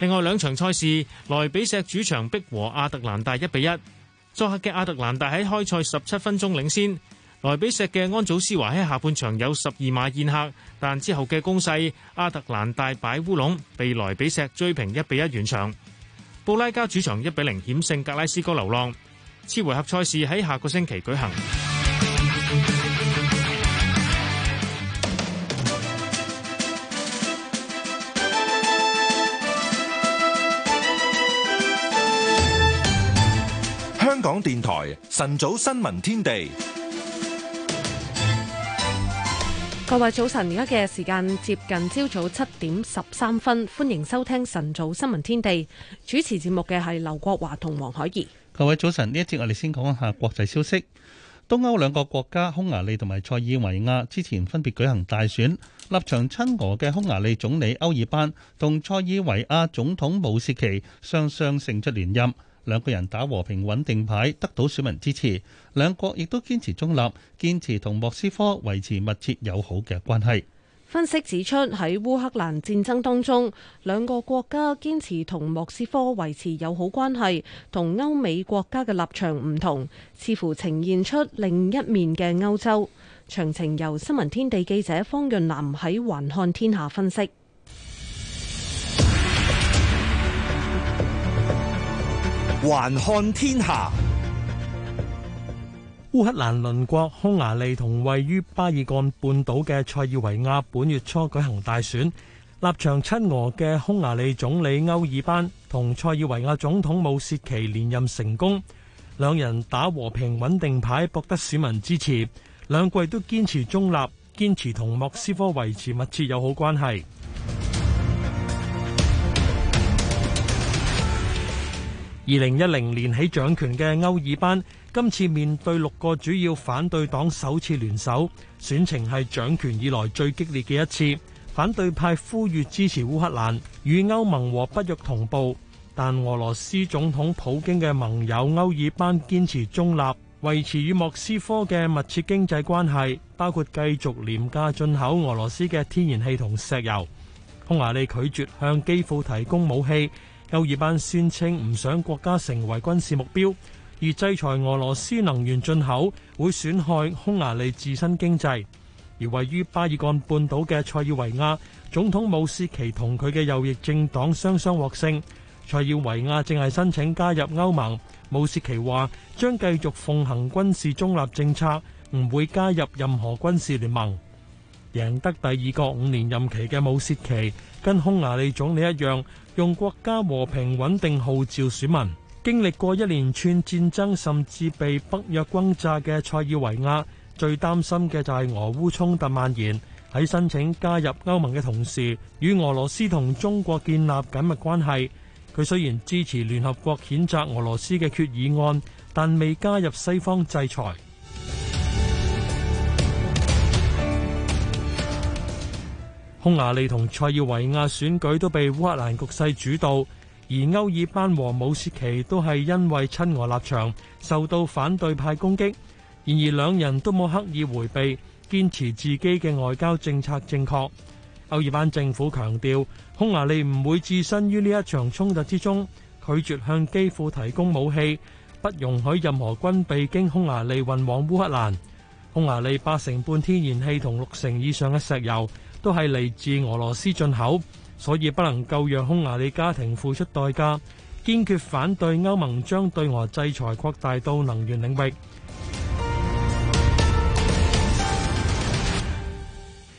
另外兩場賽事，萊比錫主場逼和亞特蘭大一比一。作客嘅亞特蘭大喺開賽十七分鐘領先，萊比錫嘅安祖斯華喺下半場有十二碼宴客，但之後嘅攻勢，亞特蘭大擺烏龍，被萊比錫追平一比一完場。布拉加主場一比零險勝格拉斯哥流浪。次回合賽事喺下個星期舉行。早晨早，晨早新聞天地，各位早晨，而家嘅時間接近朝早七點十三分，歡迎收聽晨早新聞天地。主持節目嘅係劉國華同黃海怡。各位早晨，呢一節我哋先講一下國際消息。東歐兩個國家匈牙利同埋塞爾維亞之前分別舉行大選，立場親俄嘅匈牙利總理歐爾班同塞爾維亞總統武斯奇雙雙勝出連任。兩個人打和平穩定牌，得到選民支持。兩國亦都堅持中立，堅持同莫斯科維持密切友好嘅關係。分析指出，喺烏克蘭戰爭當中，兩個國家堅持同莫斯科維持友好關係，同歐美國家嘅立場唔同，似乎呈現出另一面嘅歐洲。詳情由新聞天地記者方潤南喺《環看天下》分析。環看天下，烏克蘭鄰國匈牙利同位於巴爾干半島嘅塞爾維亞，本月初舉行大選。立場親俄嘅匈牙利總理歐爾班同塞爾維亞總統武契奇連任成功，兩人打和平穩定牌，博得市民支持。兩季都堅持中立，堅持同莫斯科維持密切友好關係。二零一零年起掌權嘅歐爾班今次面對六個主要反對黨首次聯手，選情係掌權以來最激烈嘅一次。反對派呼籲支持烏克蘭與歐盟和北約同步，但俄羅斯總統普京嘅盟友歐爾班堅持中立，維持與莫斯科嘅密切經濟關係，包括繼續廉價進口俄羅斯嘅天然氣同石油。匈牙利拒絕向基輔提供武器。歐爾班宣稱唔想國家成為軍事目標，而制裁俄羅斯能源進口會損害匈牙利自身經濟。而位於巴爾干半島嘅塞爾維亞總統武契奇同佢嘅右翼政黨雙雙獲勝。塞爾維亞正係申請加入歐盟。武契奇話將繼續奉行軍事中立政策，唔會加入任何軍事聯盟。贏得第二個五年任期嘅武契奇，跟匈牙利總理一樣，用國家和平穩定號召選民。經歷過一連串戰爭，甚至被北約轟炸嘅塞爾維亞，最擔心嘅就係俄烏衝突蔓延。喺申請加入歐盟嘅同時，與俄羅斯同中國建立緊密關係。佢雖然支持聯合國譴責俄羅斯嘅決議案，但未加入西方制裁。匈牙利同塞爾維亞選舉都被烏克蘭局勢主導，而歐爾班和武契奇都係因為親俄立場受到反對派攻擊。然而，兩人都冇刻意回避，堅持自己嘅外交政策正確。歐爾班政府強調，匈牙利唔會置身於呢一場衝突之中，拒絕向基輔提供武器，不容許任何軍備經匈牙利運往烏克蘭。匈牙利八成半天然氣同六成以上嘅石油都係嚟自俄羅斯進口，所以不能夠讓匈牙利家庭付出代價。堅決反對歐盟將對俄制裁擴大到能源領域。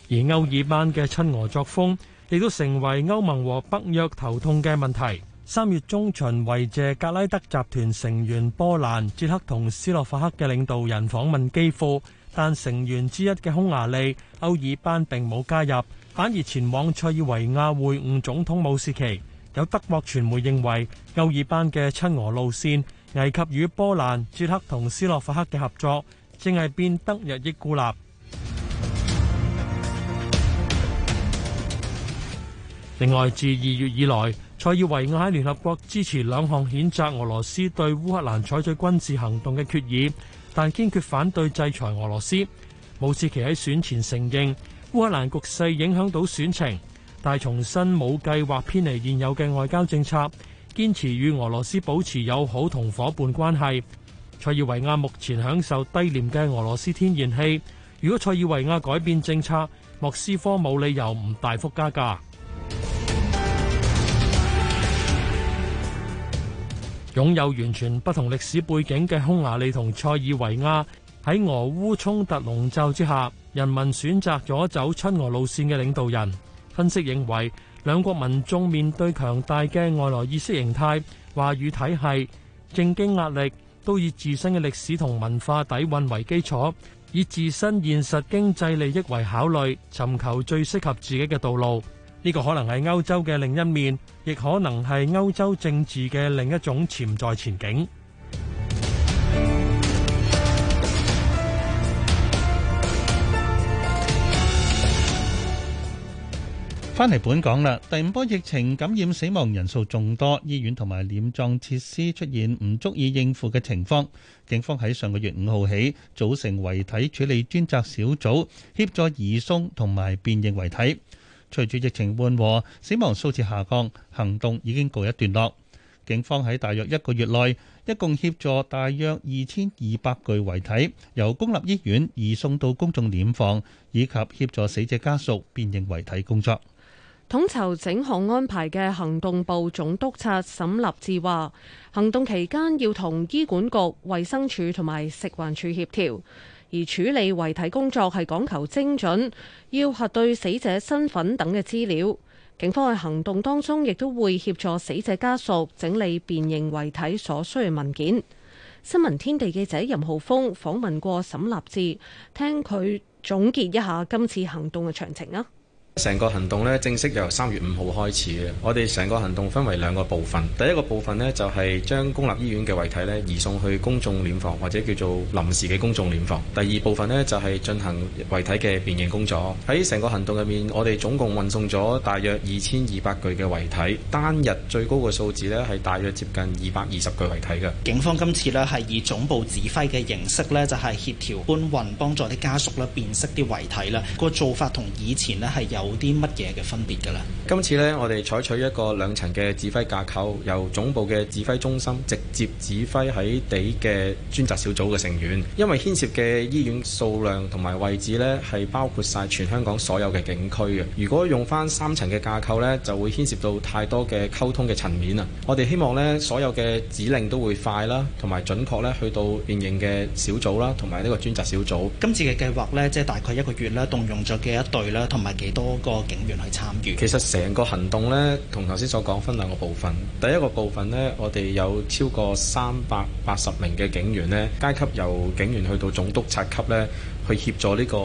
而歐爾班嘅親俄作風，亦都成為歐盟和北約頭痛嘅問題。三月中旬，維謝格拉德集團成員波蘭、捷克同斯洛伐克嘅領導人訪問基輔。但成員之一嘅匈牙利歐爾班並冇加入，反而前往塞爾維亞會晤總統武契奇。有德國傳媒認為，歐爾班嘅親俄路線危及與波蘭、捷克同斯洛伐克嘅合作，正係變得日益孤立。另外，自二月以來，塞爾維亞喺聯合國支持兩項譴責俄羅斯對烏克蘭採取軍事行動嘅決議。但堅決反對制裁俄羅斯。武士奇喺選前承認烏克蘭局勢影響到選情，但重新冇計劃偏離現有嘅外交政策，堅持與俄羅斯保持友好同伙伴關係。塞爾維亞目前享受低廉嘅俄羅斯天然氣，如果塞爾維亞改變政策，莫斯科冇理由唔大幅加價。擁有完全不同歷史背景嘅匈牙利同塞爾維亞喺俄烏衝突籠罩之下，人民選擇咗走親俄路綫嘅領導人。分析認為，兩國民眾面對強大嘅外來意識形態、話語體系，政經壓力，都以自身嘅歷史同文化底蘊為基礎，以自身現實經濟利益為考慮，尋求最適合自己嘅道路。呢個可能係歐洲嘅另一面，亦可能係歐洲政治嘅另一種潛在前景。翻嚟本港啦，第五波疫情感染死亡人數眾多，醫院同埋殮葬設施出現唔足以應付嘅情況。警方喺上個月五號起組成遺體處理專責小組，協助移送同埋辨認遺體。隨住疫情緩和，死亡數字下降，行動已經告一段落。警方喺大約一個月內，一共協助大約二千二百具遺體由公立醫院移送到公眾殮房，以及協助死者家屬辨認遺體工作。統籌整項安排嘅行動部總督察沈立志話，行動期間要同醫管局、衞生署同埋食環署協調。而處理遺體工作係講求精準，要核對死者身份等嘅資料。警方喺行動當中亦都會協助死者家屬整理辨認遺體所需嘅文件。新聞天地記者任浩峰訪問過沈立志，聽佢總結一下今次行動嘅詳情啊！成個行動咧正式由三月五號開始嘅。我哋成個行動分為兩個部分。第一個部分咧就係將公立醫院嘅遺體咧移送去公眾殮房或者叫做臨時嘅公眾殮房。第二部分咧就係進行遺體嘅辨認工作。喺成個行動入面，我哋總共運送咗大約二千二百具嘅遺體，單日最高嘅數字咧係大約接近二百二十具遺體嘅。警方今次咧係以總部指揮嘅形式咧，就係協調搬運，幫助啲家屬咧辨識啲遺體啦。個做法同以前咧係有。有啲乜嘢嘅分別噶啦？今次咧，我哋採取一個兩層嘅指揮架構，由總部嘅指揮中心直接指揮喺地嘅專責小組嘅成員，因為牽涉嘅醫院數量同埋位置咧，係包括晒全香港所有嘅景區嘅。如果用翻三層嘅架構咧，就會牽涉到太多嘅溝通嘅層面啊！我哋希望咧，所有嘅指令都會快啦，同埋準確咧，去到應應嘅小組啦，同埋呢個專責小組。今次嘅計劃咧，即係大概一個月啦，動用咗幾一隊啦，同埋幾多？嗰個警員去參與，其實成個行動咧，同頭先所講分兩個部分。第一個部分咧，我哋有超過三百八十名嘅警員咧，階級由警員去到總督察級咧。去協助呢個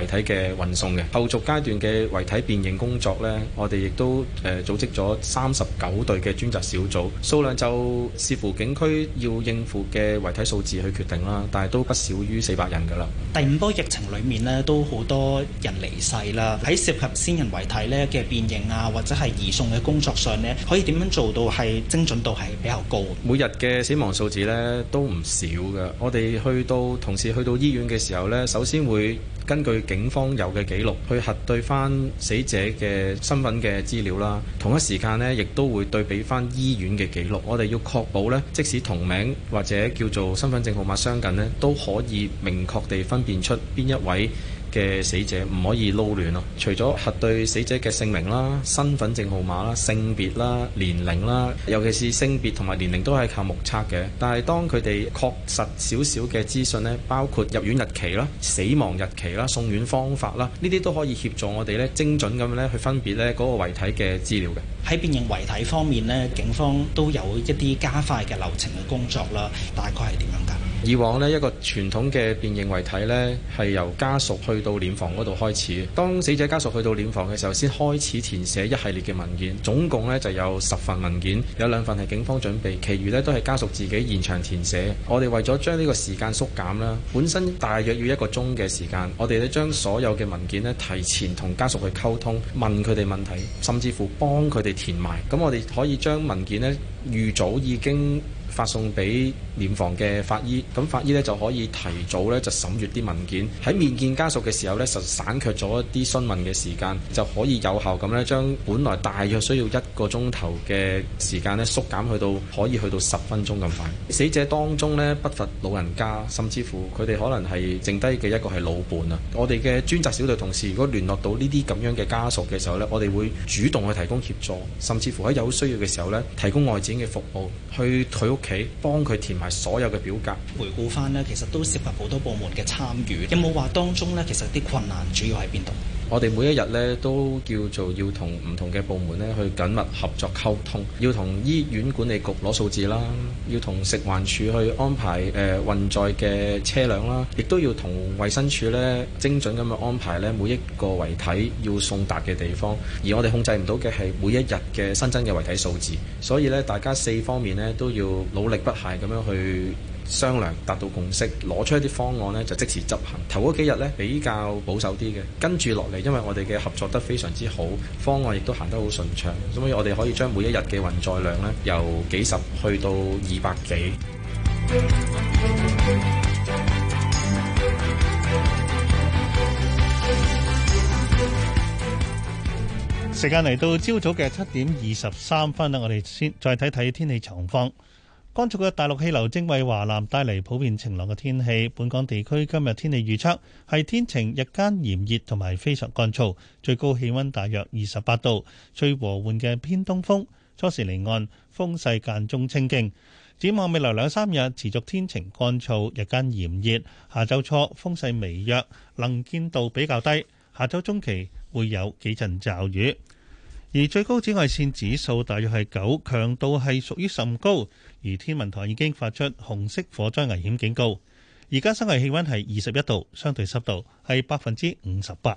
遺體嘅運送嘅後續階段嘅遺體辨認工作咧，我哋亦都誒、呃、組織咗三十九隊嘅專責小組，數量就視乎警區要應付嘅遺體數字去決定啦，但係都不少於四百人噶啦。第五波疫情裏面咧，都好多人離世啦。喺涉及先人遺體咧嘅辨認啊，或者係移送嘅工作上咧，可以點樣做到係精準度係比較高？每日嘅死亡數字咧都唔少嘅。我哋去到同事去到醫院嘅時候咧，首先會根據警方有嘅記錄去核對翻死者嘅身份嘅資料啦，同一時間呢，亦都會對比翻醫院嘅記錄。我哋要確保呢，即使同名或者叫做身份證號碼相近呢，都可以明確地分辨出邊一位。嘅死者唔可以撈亂咯。除咗核對死者嘅姓名啦、身份證號碼啦、性別啦、年齡啦，尤其是性別同埋年齡都係靠目測嘅。但係當佢哋確實少少嘅資訊咧，包括入院日期啦、死亡日期啦、送院方法啦，呢啲都可以協助我哋呢精準咁樣咧去分別呢嗰個遺體嘅資料嘅。喺辨認遺體方面呢，警方都有一啲加快嘅流程嘅工作啦。大概係點樣㗎？以往呢，一個傳統嘅辨認遺體呢，係由家屬去到殮房嗰度開始。當死者家屬去到殮房嘅時候，先開始填寫一系列嘅文件，總共呢，就有十份文件，有兩份係警方準備，其餘呢，都係家屬自己現場填寫。我哋為咗將呢個時間縮減啦，本身大約要一個鐘嘅時,時間，我哋呢，將所有嘅文件呢，提前同家屬去溝通，問佢哋問題，甚至乎幫佢哋填埋。咁我哋可以將文件呢預早已經。發送俾殮房嘅法醫，咁法醫呢就可以提早呢就審閱啲文件，喺面見家屬嘅時候呢，就省卻咗一啲詢問嘅時間，就可以有效咁呢將本來大約需要一個鐘頭嘅時間呢縮減去到可以去到十分鐘咁快。死者當中呢，不乏老人家，甚至乎佢哋可能係剩低嘅一個係老伴啊。我哋嘅專責小隊同事，如果聯絡到呢啲咁樣嘅家屬嘅時候呢，我哋會主動去提供協助，甚至乎喺有需要嘅時候呢，提供外展嘅服務去佢屋。幫佢填埋所有嘅表格，回顧翻咧，其實都涉及好多部門嘅參與。 有冇話當中咧，其實啲困難主要喺邊度？我哋每一日咧都叫做要同唔同嘅部門咧去緊密合作溝通，要同醫院管理局攞數字啦，要同食環署去安排誒運載嘅車輛啦，亦都要同衛生署咧精準咁樣安排咧每一個遺體要送達嘅地方。而我哋控制唔到嘅係每一日嘅新增嘅遺體數字，所以咧大家四方面咧都要努力不懈咁樣去。商量達到共識，攞出一啲方案呢，就即時執行。頭嗰幾日呢，比較保守啲嘅，跟住落嚟，因為我哋嘅合作得非常之好，方案亦都行得好順暢，所以我哋可以將每一日嘅運載量呢，由幾十去到二百幾。時間嚟到朝早嘅七點二十三分啦，我哋先再睇睇天氣狀況。乾燥嘅大陸氣流正為華南帶嚟普遍晴朗嘅天氣。本港地區今日天氣預測係天晴，日間炎熱同埋非常乾燥，最高氣温大約二十八度。最和緩嘅偏東風初時離岸，風勢間中清勁。展望未來兩三日持續天晴乾燥，日間炎熱。下週初風勢微弱，能見度比較低。下週中期會有幾陣驟雨，而最高紫外線指數大約係九，強度係屬於甚高。而天文台已經發出紅色火災危險警告。而家室外氣温係二十一度，相對濕度係百分之五十八。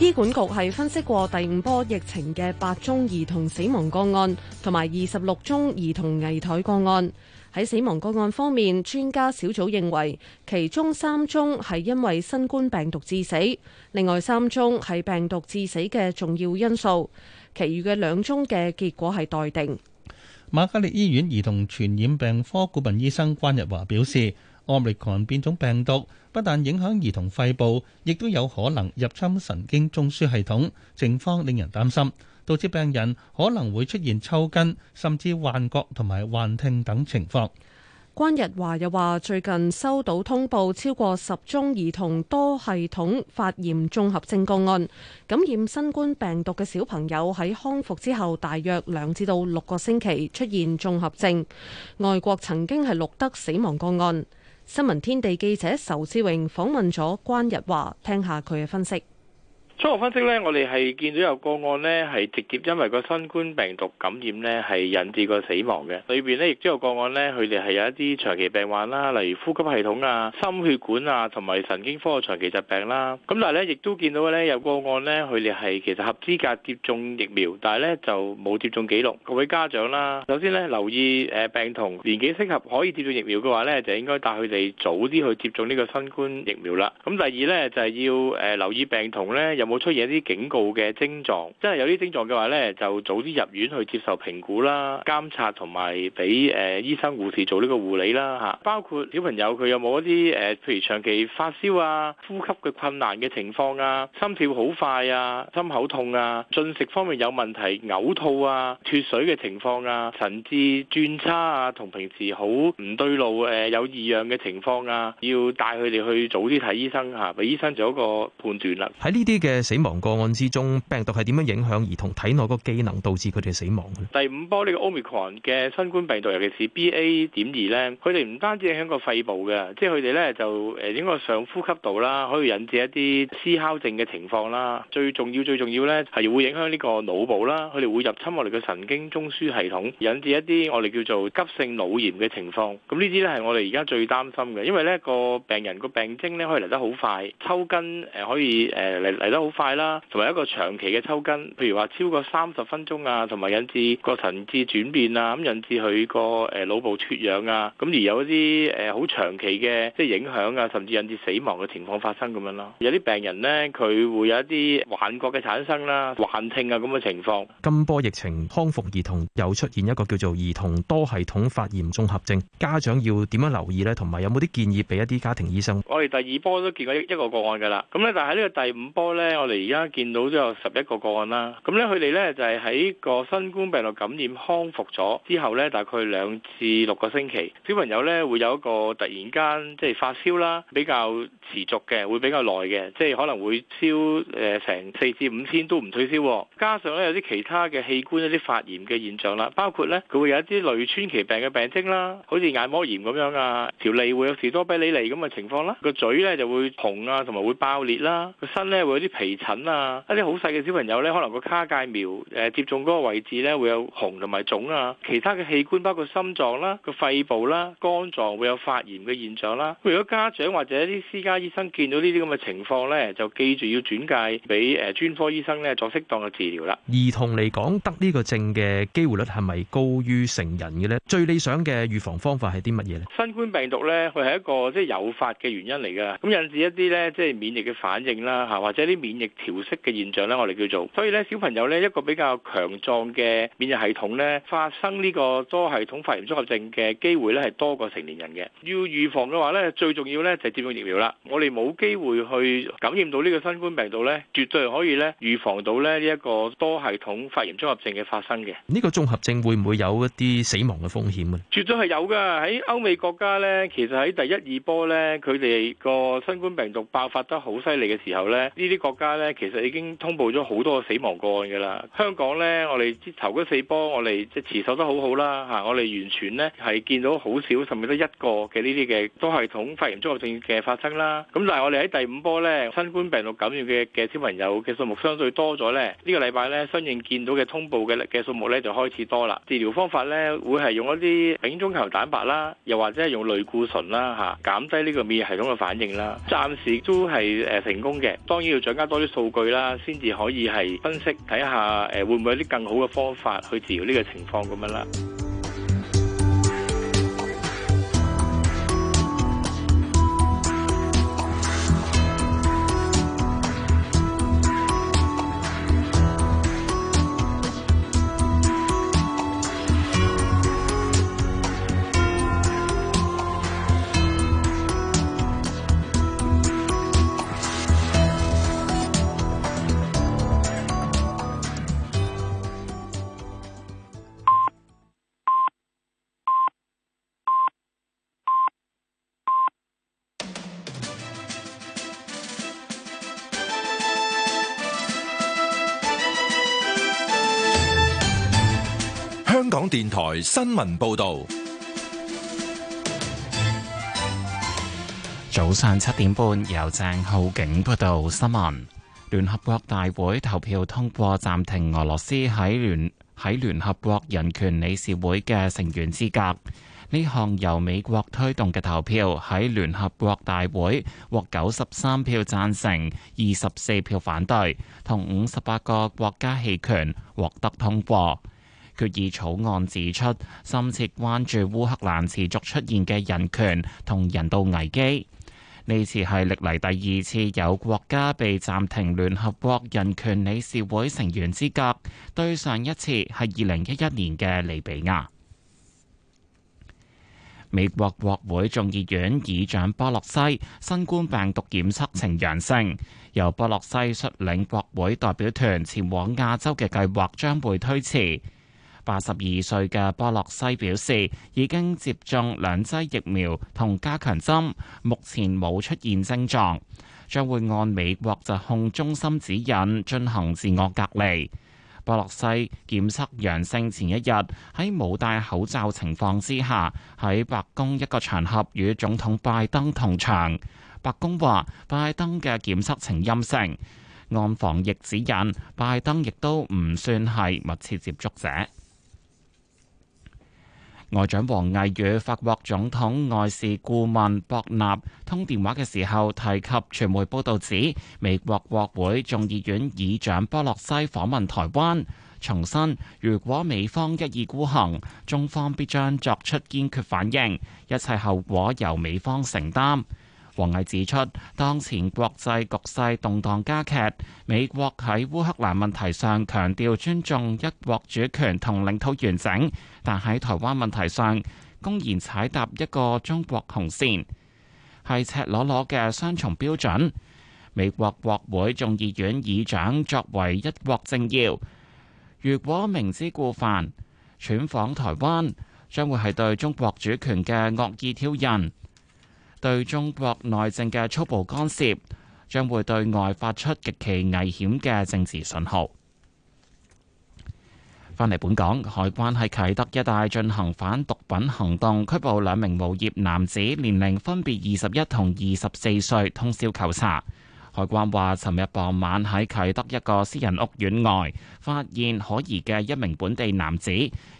醫管局係分析過第五波疫情嘅八宗兒童死亡個案，同埋二十六宗兒童危殆個案。喺死亡個案方面，專家小組認為其中三宗係因為新冠病毒致死，另外三宗係病毒致死嘅重要因素，其餘嘅兩宗嘅結果係待定。瑪嘉烈醫院兒童傳染病科顧問醫生關日華表示，奧密克戎變種病毒不但影響兒童肺部，亦都有可能入侵神經中樞系統，情況令人擔心。導致病人可能會出現抽筋，甚至幻覺同埋幻聽等情況。關日華又話：最近收到通報，超過十宗兒童多系統發炎綜合症個案，感染新冠病毒嘅小朋友喺康復之後，大約兩至到六個星期出現綜合症。外國曾經係錄得死亡個案。新聞天地記者仇志榮訪問咗關日華，聽下佢嘅分析。初步分析咧，我哋係見到有個案咧，係直接因為個新冠病毒感染咧，係引致個死亡嘅。裏邊咧，亦都有個案咧，佢哋係有一啲長期病患啦，例如呼吸系統啊、心血管啊，同埋神經科嘅長期疾病啦。咁但係咧，亦都見到咧，有個案咧，佢哋係其實合資格接種疫苗，但係咧就冇接種記錄。各位家長啦，首先咧留意誒病童年紀適合可以接種疫苗嘅話咧，就應該帶佢哋早啲去接種呢個新冠疫苗啦。咁第二咧就係要誒留意病童咧有冇。出現一啲警告嘅症狀，即係有啲症狀嘅話呢就早啲入院去接受評估啦、監察同埋俾誒醫生護士做呢個護理啦嚇。包括小朋友佢有冇一啲誒，譬如長期發燒啊、呼吸嘅困難嘅情況啊、心跳好快啊、心口痛啊、進食方面有問題、嘔吐啊、脱水嘅情況啊，神志轉差啊，同平時好唔對路誒有異樣嘅情況啊，要帶佢哋去早啲睇醫生嚇，俾醫生做一個判斷啦。喺呢啲嘅。嘅死亡個案之中，病毒係點樣影響兒童體內個機能，導致佢哋死亡？第五波呢個 Omicron 嘅新冠病毒，尤其是 BA. 點二咧，佢哋唔單止影響個肺部嘅，即係佢哋咧就誒影響上呼吸道啦，可以引致一啲思考症嘅情況啦。最重要、最重要咧係會影響呢個腦部啦，佢哋會入侵我哋嘅神經中樞系統，引致一啲我哋叫做急性腦炎嘅情況。咁呢啲咧係我哋而家最擔心嘅，因為咧個病人個病徵咧可以嚟得好快，抽筋誒可以誒嚟嚟得。好快啦，同埋一個長期嘅抽筋，譬如話超過三十分鐘啊，同埋引致個神志轉變啊，咁引致佢個誒腦部缺氧啊，咁而有一啲誒好長期嘅即係影響啊，甚至引致死亡嘅情況發生咁樣咯。有啲病人呢，佢會有一啲幻覺嘅產生啦、幻聽啊咁嘅情況。今波疫情康復兒童又出現一個叫做兒童多系統發炎綜合症，家長要點樣留意呢？同埋有冇啲建議俾一啲家庭醫生？我哋第二波都見過一個個案噶啦，咁咧但係喺呢個第五波咧。我哋而家見到都有十一個個案啦，咁咧佢哋咧就係、是、喺個新冠病毒感染康復咗之後咧，大概兩至六個星期，小朋友咧會有一個突然間即係發燒啦，比較持續嘅，會比較耐嘅，即係可能會燒誒成四至五天都唔退燒，加上咧有啲其他嘅器官有一啲發炎嘅現象啦，包括咧佢會有一啲類川崎病嘅病徵啦，好似眼膜炎咁樣啊，條脷會有士多啤梨脷咁嘅情況啦，個嘴咧就會紅啊，同埋會爆裂啦，個身咧會有啲皮疹啊，一啲好細嘅小朋友咧，可能個卡介苗誒接種嗰個位置咧會有紅同埋腫啊。其他嘅器官包括心臟啦、個肺部啦、肝臟會有發炎嘅現象啦。如果家長或者啲私家醫生見到呢啲咁嘅情況咧，就記住要轉介俾誒專科醫生咧作適當嘅治療啦。兒童嚟講，得呢個症嘅機會率係咪高於成人嘅咧？最理想嘅預防方法係啲乜嘢咧？新冠病毒咧，佢係一個即係誘發嘅原因嚟噶，咁引致一啲咧即係免疫嘅反應啦，吓或者啲免疫免疫調適嘅現象咧，我哋叫做，所以咧小朋友咧一個比較強壯嘅免疫系統咧，發生呢個多系統發炎綜合症嘅機會咧係多過成年人嘅。要預防嘅話咧，最重要咧就係接種疫苗啦。我哋冇機會去感染到呢個新冠病毒咧，絕對可以咧預防到咧呢一個多系統發炎綜合症嘅發生嘅。呢個綜合症會唔會有一啲死亡嘅風險啊？絕對係有噶。喺歐美國家咧，其實喺第一二波咧，佢哋個新冠病毒爆發得好犀利嘅時候咧，呢啲國家咧，其實已經通報咗好多死亡個案㗎啦。香港咧，我哋頭嗰四波，我哋即係持守得好好啦，嚇！我哋完全咧係見到好少，甚至得一個嘅呢啲嘅，多系統發炎綜合症嘅發生啦。咁但係我哋喺第五波咧，新冠病毒感染嘅嘅小朋友嘅數目相對多咗咧，呢、這個禮拜咧，相應見到嘅通報嘅嘅數目咧就開始多啦。治療方法咧會係用一啲丙種球蛋白啦，又或者係用類固醇啦，嚇，減低呢個免疫系統嘅反應啦。暫時都係誒成功嘅，當然要掌握。多啲數據啦，先至可以係分析睇下，誒、呃、會唔會有啲更好嘅方法去治療呢個情況咁樣啦。台新聞報道，早上七點半由鄭浩景報道新聞。聯合國大會投票通過暫停俄羅斯喺聯喺聯合國人權理事會嘅成員資格。呢項由美國推動嘅投票喺聯合國大會獲九十三票贊成、二十四票反對同五十八個國家棄權，獲得通過。決議草案指出，深切關注烏克蘭持續出現嘅人權同人道危機。呢次係歷嚟第二次有國家被暫停聯合國人權理事會成員資格，對上一次係二零一一年嘅利比亞。美國國會眾議院議長波洛西新冠病毒檢測呈陽性，由波洛西率領國會代表團前往亞洲嘅計劃將會推遲。八十二歲嘅波洛西表示，已經接種兩劑疫苗同加強針，目前冇出現症狀，將會按美國疾控中心指引進行自我隔離。波洛西檢測陽性前一日，喺冇戴口罩情況之下，喺白宮一個場合與總統拜登同場。白宮話，拜登嘅檢測呈陰性，按防疫指引，拜登亦都唔算係密切接觸者。外長王毅與法國總統外事顧問博納通電話嘅時候，提及傳媒報道指美國國會眾議院議長波洛西訪問台灣，重申如果美方一意孤行，中方必將作出堅決反應，一切後果由美方承擔。王毅指出，當前國際局勢動盪加劇，美國喺烏克蘭問題上強調尊重一國主權同領土完整，但喺台灣問題上公然踩踏一個中國紅線，係赤裸裸嘅雙重標準，美國國會眾議院議長作為一國政要，如果明知故犯，竄訪台灣將會係對中國主權嘅惡意挑釁。對中國內政嘅粗暴干涉，將會對外發出極其危險嘅政治信號。返嚟本港，海關喺啟德一帶進行反毒品行動，拘捕兩名無業男子，年齡分別二十一同二十四歲，通宵扣查。海關話，尋日傍晚喺啟德一個私人屋苑外，發現可疑嘅一名本地男子，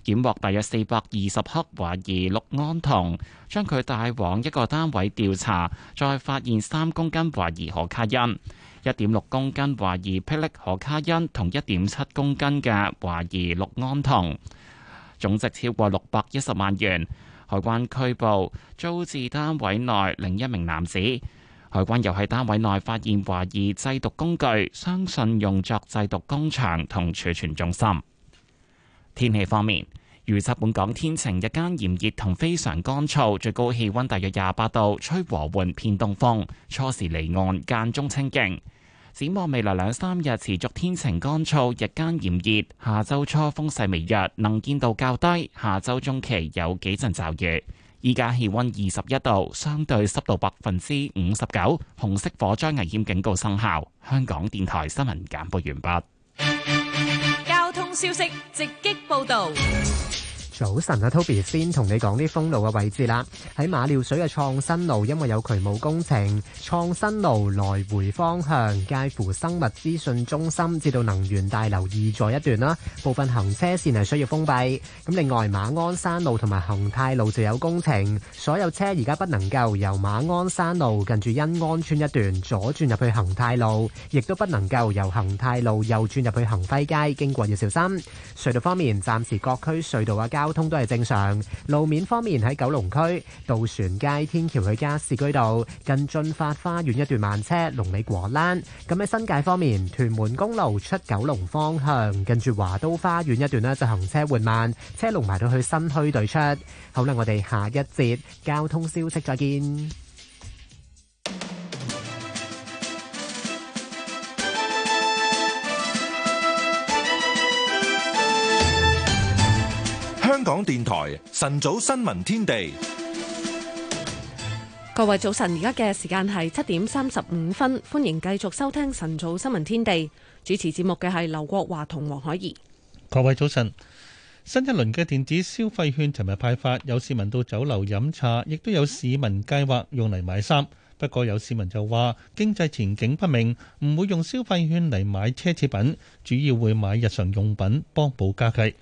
檢獲大約四百二十克懷疑氯胺酮，將佢帶往一個單位調查，再發現三公斤懷疑可卡因、一點六公斤懷疑霹靂可卡因同一點七公斤嘅懷疑氯胺酮，總值超過六百一十萬元。海關拘捕租置單位內另一名男子。海關又喺單位內發現懷疑製毒工具，相信用作製毒工場同儲存中心。天氣方面，預測本港天晴，日間炎熱同非常乾燥，最高氣溫大約廿八度，吹和緩偏東風，初時離岸，間中清勁。展望未來兩三日持續天晴乾燥，日間炎熱。下周初風勢微弱，能見度較低。下周中期有幾陣驟雨。依家氣温二十一度，相對濕度百分之五十九，紅色火災危險警告生效。香港電台新聞簡報完畢。交通消息直擊報導。早晨啊，Toby 先同你講啲封路嘅位置啦。喺馬料水嘅創新路，因為有渠務工程，創新路來回方向介乎生物資訊中心至到能源大樓二座一段啦，部分行車線係需要封閉。咁另外馬鞍山路同埋恒泰路就有工程，所有車而家不能夠由馬鞍山路近住欣安邨一段左轉入去恒泰路，亦都不能夠由恒泰路右轉入去恒輝街，經過要小心。隧道方面，暫時各區隧道嘅交通都係正常。路面方面，喺九龍區，渡船街天橋去加士居道近駿發花園一段慢車，龍尾過果欄。咁喺新界方面，屯門公路出九龍方向，近住華都花園一段呢就行車緩慢，車龍埋到去新墟對出。好啦，我哋下一節交通消息再見。港電台晨早新聞天地，各位早晨，而家嘅時間係七點三十五分，歡迎繼續收聽晨早新聞天地。主持節目嘅係劉國華同黃海怡。各位早晨，新一輪嘅電子消費券尋日派發，有市民到酒樓飲茶，亦都有市民計劃用嚟買衫。不過有市民就話，經濟前景不明，唔會用消費券嚟買奢侈品，主要會買日常用品，幫補家計。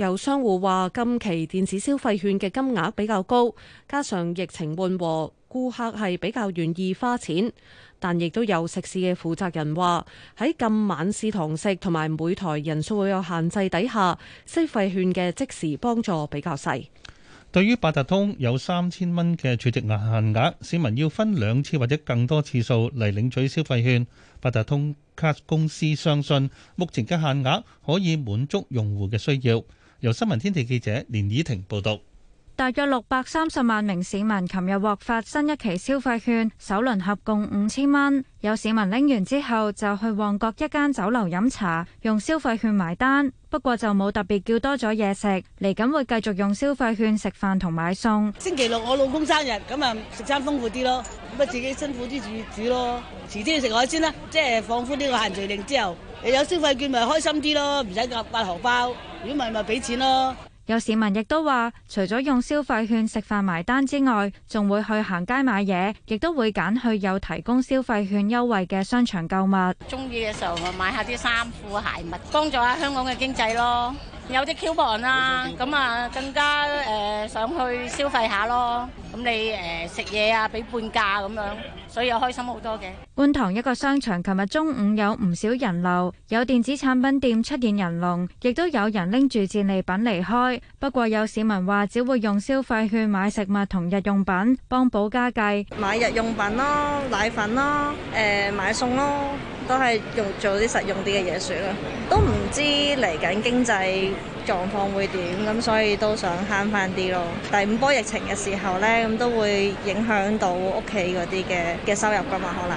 有商戶話：今期電子消費券嘅金額比較高，加上疫情緩和，顧客係比較願意花錢。但亦都有食肆嘅負責人話：喺咁晚試堂食同埋每枱人數會有限制底下，消費券嘅即時幫助比較細。對於八達通有三千蚊嘅儲值額限額，市民要分兩次或者更多次數嚟領取消費券。八達通卡公司相信目前嘅限額可以滿足用戶嘅需要。由新聞天地記者連以婷報道。大約六百三十萬名市民琴日獲發新一期消費券，首輪合共五千蚊。有市民拎完之後就去旺角一間酒樓飲茶，用消費券埋單。不過就冇特別叫多咗嘢食，嚟緊會繼續用消費券食飯同買餸。星期六我老公生日，咁啊食餐豐富啲咯，咁啊自己辛苦啲煮煮咯。遲啲要食海鮮啦，即係放寬呢個限聚令之後，又有消費券咪開心啲咯，唔使夾翻荷包，如果唔係咪俾錢咯。有市民亦都話，除咗用消費券食飯埋單之外，仲會去行街買嘢，亦都會揀去有提供消費券優惠嘅商場購物。中意嘅時候，咪買下啲衫褲鞋襪，幫助下香港嘅經濟咯。有啲 coupon 啊，咁啊更加誒、呃、想去消費下咯。咁你誒食嘢啊，俾半價咁樣，所以又開心好多嘅。觀塘一個商場，琴日中午有唔少人流，有電子產品店出現人龍，亦都有人拎住戰利品離開。不過有市民話，只會用消費券買食物同日用品，幫補家計。買日用品咯，奶粉咯，誒、呃、買餸咯。都係用做啲實用啲嘅嘢算咯，都唔知嚟緊經濟狀況會點，咁所以都想慳翻啲咯。第五波疫情嘅時候呢，咁都會影響到屋企嗰啲嘅嘅收入噶嘛，可能。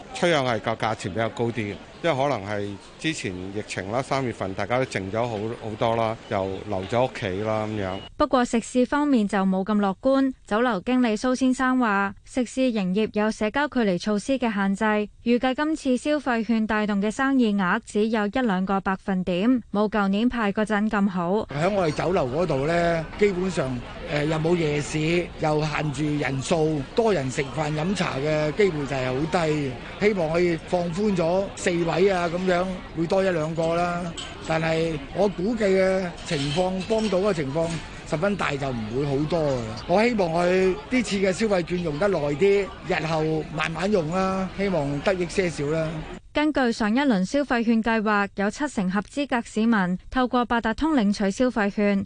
出向係個價錢比較高啲。即係可能係之前疫情啦，三月份大家都靜咗好好多啦，又留咗屋企啦咁樣。不過食肆方面就冇咁樂觀。酒樓經理蘇先生話：食肆營業有社交距離措施嘅限制，預計今次消費券帶動嘅生意額只有一兩個百分點，冇舊年派嗰陣咁好。喺我哋酒樓嗰度咧，基本上誒又冇夜市，又限住人數，多人食飯飲茶嘅機會就係好低。希望可以放寬咗四位啊，咁樣會多一兩個啦，但係我估計嘅情況幫到嘅情況十分大就唔會好多嘅。我希望佢呢次嘅消費券用得耐啲，日後慢慢用啦，希望得益些少啦。根據上一輪消費券計劃，有七成合資格市民透過八達通領取消費券。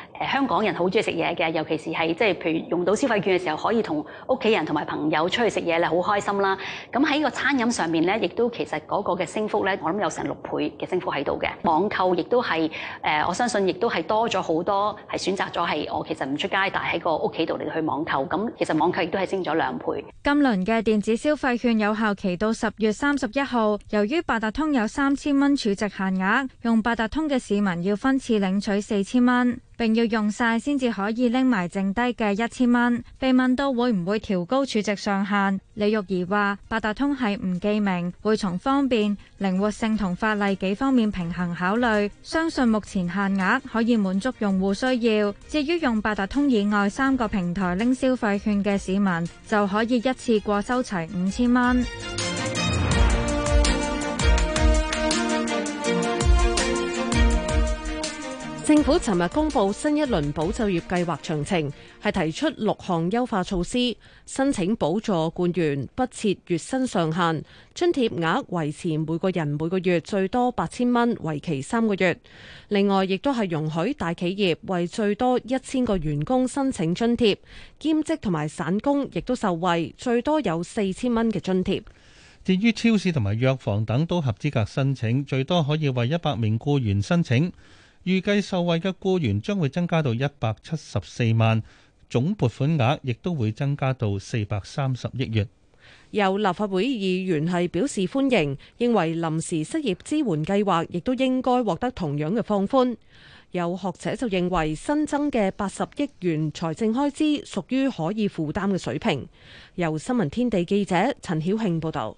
香港人好中意食嘢嘅，尤其是係即係，譬如用到消費券嘅時候，可以同屋企人同埋朋友出去食嘢咧，好開心啦。咁喺個餐飲上面咧，亦都其實嗰個嘅升幅咧，我諗有成六倍嘅升幅喺度嘅。網購亦都係誒，我相信亦都係多咗好多，係選擇咗係我其實唔出街，但喺個屋企度嚟去網購。咁其實網購亦都係升咗兩倍。今輪嘅電子消費券有效期到十月三十一號。由於八達通有三千蚊儲值限額，用八達通嘅市民要分次領取四千蚊。並要用晒先至可以拎埋剩低嘅一千蚊。被問到會唔會調高儲值上限，李玉兒話：八達通係唔記名，會從方便、靈活性同法例幾方面平衡考慮，相信目前限額可以滿足用戶需要。至於用八達通以外三個平台拎消費券嘅市民，就可以一次過收齊五千蚊。政府尋日公布新一輪保就業計劃詳情，係提出六項優化措施。申請補助僱員不設月薪上限，津貼額維持每個人每個月最多八千蚊，為期三個月。另外，亦都係容許大企業為最多一千個員工申請津貼，兼職同埋散工亦都受惠，最多有四千蚊嘅津貼。至於超市同埋藥房等都合資格申請，最多可以為一百名僱員申請。預計受惠嘅雇員將會增加到一百七十四萬，總撥款額亦都會增加到四百三十億元。有立法會議員係表示歡迎，認為臨時失業支援計劃亦都應該獲得同樣嘅放寬。有學者就認為新增嘅八十億元財政開支屬於可以負擔嘅水平。由新聞天地記者陳曉慶報道。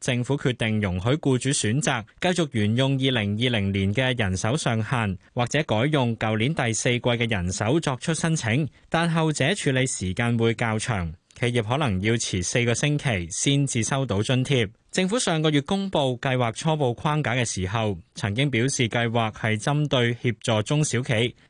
政府決定容許僱主選擇繼續沿用二零二零年嘅人手上限，或者改用舊年第四季嘅人手作出申請，但後者處理時間會較長，企業可能要遲四個星期先至收到津貼。政府上個月公布計劃初步框架嘅時候，曾經表示計劃係針對協助中小企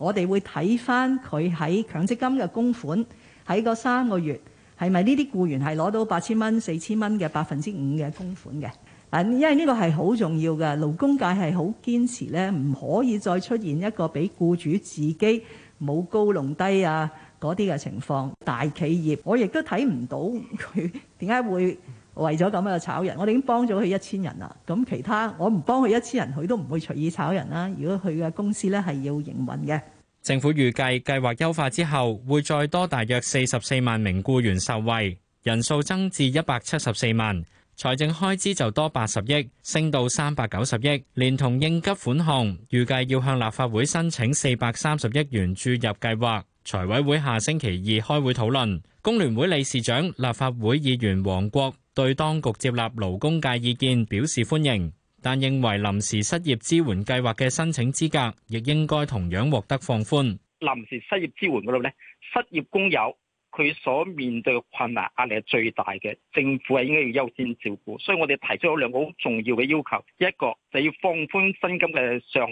我哋會睇返佢喺強積金嘅供款喺嗰三個月係咪呢啲僱員係攞到八千蚊、四千蚊嘅百分之五嘅供款嘅？啊，因為呢個係好重要嘅，勞工界係好堅持咧，唔可以再出現一個俾僱主自己冇高弄低啊嗰啲嘅情況。大企業我亦都睇唔到佢點解會。為咗咁樣炒人，我哋已經幫咗佢一千人啦。咁其他我唔幫佢一千人，佢都唔會隨意炒人啦。如果佢嘅公司咧係要營運嘅，政府預計計劃優化之後會再多大約四十四萬名僱員受惠，人數增至一百七十四萬，財政開支就多八十億，升到三百九十億，連同應急款項，預計要向立法會申請四百三十億元注入計劃。財委會下星期二開會討論。工聯會理事長、立法會議員黃國。對當局接納勞工界意見表示歡迎，但認為臨時失業支援計劃嘅申請資格亦應該同樣獲得放寬。臨時失業支援嗰度呢，失業工友佢所面對嘅困難壓力係最大嘅，政府係應該要優先照顧。所以我哋提出咗兩個好重要嘅要求：一個就要放寬薪金嘅上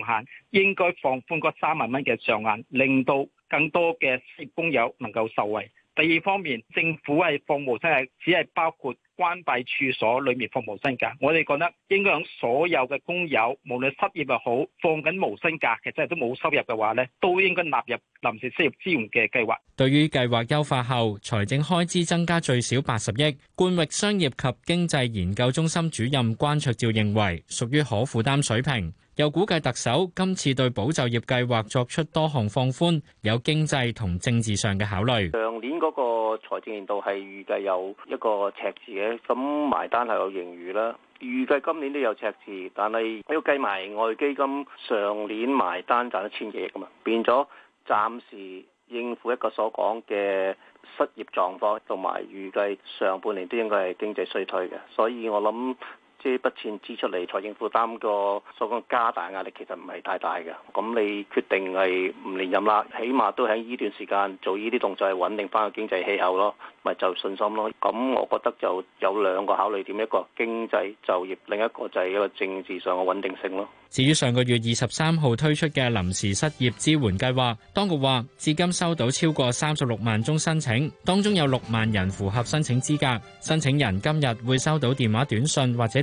限，應該放寬嗰三萬蚊嘅上限，令到更多嘅失業工友能夠受惠。第二方面，政府係放無息係只係包括。關閉處所裏面服務新界，我哋覺得應該響所有嘅工友，無論失業又好，放緊無薪假，其實都冇收入嘅話呢，都應該納入臨時失業支援嘅計劃。對於計劃優化後，財政開支增加最少八十億，冠域商業及經濟研究中心主任關卓照認為，屬於可負擔水平。又估計特首今次對保就業計劃作出多項放寬，有經濟同政治上嘅考慮。上年嗰個財政年度係預計有一個赤字嘅，咁埋單係有盈餘啦。預計今年都有赤字，但係要計埋外基金上年埋單賺一千幾億噶嘛，變咗暫時應付一個所講嘅失業狀況，同埋預計上半年都應該係經濟衰退嘅，所以我諗。即係筆錢支出嚟，財政負擔個所講加大壓力其實唔係太大嘅。咁你決定係唔連任啦，起碼都喺呢段時間做呢啲動作，係穩定翻個經濟氣候咯，咪就信心咯。咁我覺得就有兩個考慮點，一個經濟就業，另一個就係一個政治上嘅穩定性咯。至於上個月二十三號推出嘅臨時失業支援計劃，當局話至今收到超過三十六萬宗申請，當中有六萬人符合申請資格，申請人今日會收到電話、短信或者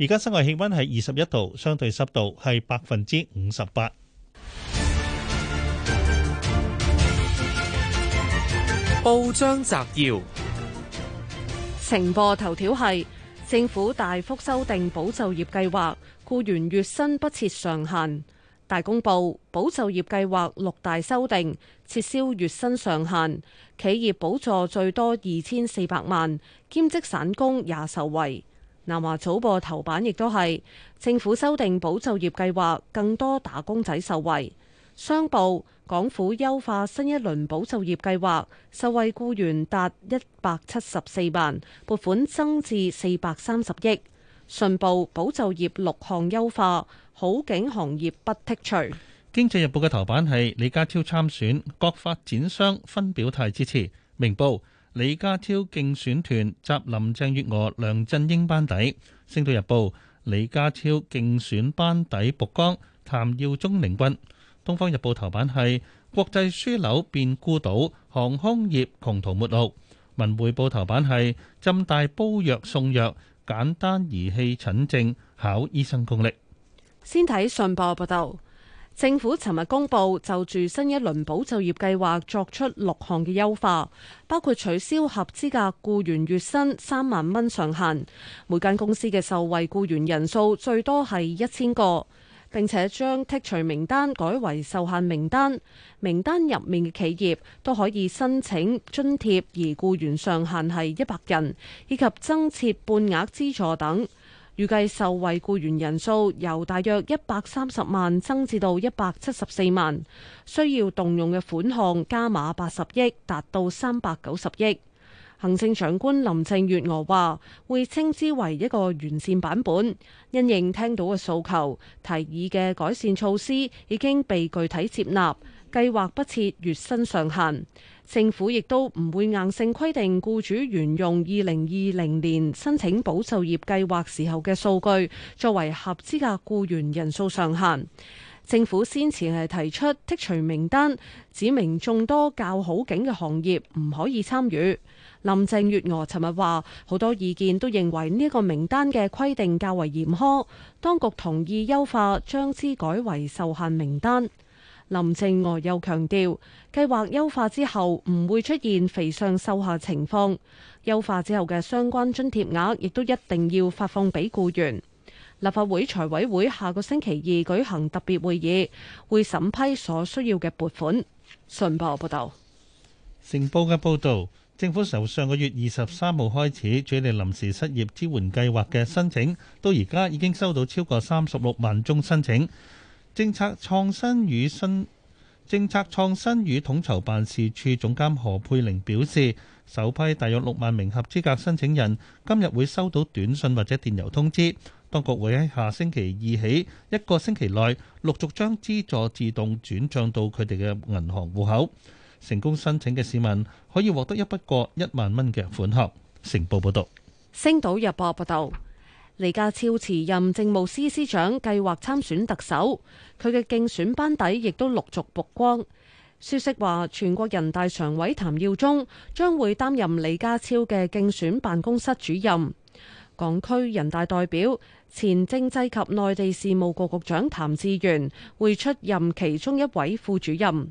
而家室外氣溫係二十一度，相對濕度係百分之五十八。報章摘要：晴報頭條係政府大幅修訂保就業計劃，雇員月薪不設上限。大公報保就業計劃六大修訂，撤銷月薪上限，企業補助最多二千四百萬，兼職散工也受惠。南華早報頭版亦都係政府修訂保就業計劃，更多打工仔受惠。商報港府優化新一輪保就業計劃，受惠僱員達一百七十四萬，撥款增至四百三十億。信報保就業六項優化，好景行業不剔除。經濟日報嘅頭版係李家超參選，各發展商分表態支持。明報。李家超競選團集林鄭月娥、梁振英班底。《星島日報》李家超競選班底曝光，譚耀宗領軍。《東方日報》頭版係國際樞紐變孤島，航空業窮途末路。《文匯報》頭版係浸大煲藥送藥，簡單儀器診症考醫生功力。先睇信報報道。政府尋日公布就住新一輪保就業計劃作出六項嘅優化，包括取消合資格僱員月薪三萬蚊上限，每間公司嘅受惠僱員人數最多係一千個，並且將剔除名單改為受限名單，名單入面嘅企業都可以申請津貼，而僱員上限係一百人，以及增設半額資助等。預計受惠僱員人數由大約一百三十萬增至到一百七十四萬，需要動用嘅款項加碼八十億，達到三百九十億。行政長官林鄭月娥話：會稱之為一個完善版本，因應聽到嘅訴求，提議嘅改善措施已經被具體接納。計劃不設月薪上限，政府亦都唔會硬性規定僱主沿用二零二零年申請保就業計劃時候嘅數據作為合資格僱員人數上限。政府先前係提出剔除名單，指明眾多較好景嘅行業唔可以參與。林鄭月娥尋日話，好多意見都認為呢一個名單嘅規定較為嚴苛，當局同意優化，將之改為受限名單。林鄭月娥又強調，計劃優化之後唔會出現肥上瘦下情況。優化之後嘅相關津貼額亦都一定要發放俾僱員。立法會財委會下個星期二舉行特別會議，會審批所需要嘅撥款。信報報道，成報嘅報道，政府由上個月二十三號開始處理臨時失業支援計劃嘅申請，到而家已經收到超過三十六萬宗申請。政策創新與新政策創新與統籌辦事處總監何佩玲表示，首批大約六萬名合資格申請人今日會收到短信或者電郵通知，當局會喺下星期二起一個星期內陸續將資助自動轉賬到佢哋嘅銀行戶口。成功申請嘅市民可以獲得一筆過一萬蚊嘅款項。成報報道，星島日報報道。李家超辭任政務司司長，計劃參選特首。佢嘅競選班底亦都陸續曝光。消息話，全國人大常委譚耀宗將會擔任李家超嘅競選辦公室主任。港區人大代表、前政制及內地事務局局長譚志源會出任其中一位副主任。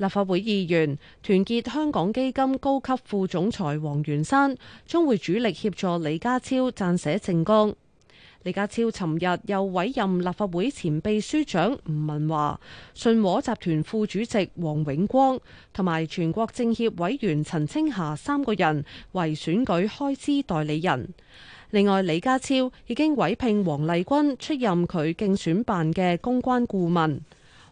立法會議員團結香港基金高級副總裁黃元山將會主力協助李家超撰寫政綱。李家超尋日又委任立法會前秘書長吳文華、信和集團副主席黃永光同埋全國政協委員陳清霞三個人為選舉開支代理人。另外，李家超已經委聘黃麗君出任佢競選辦嘅公關顧問。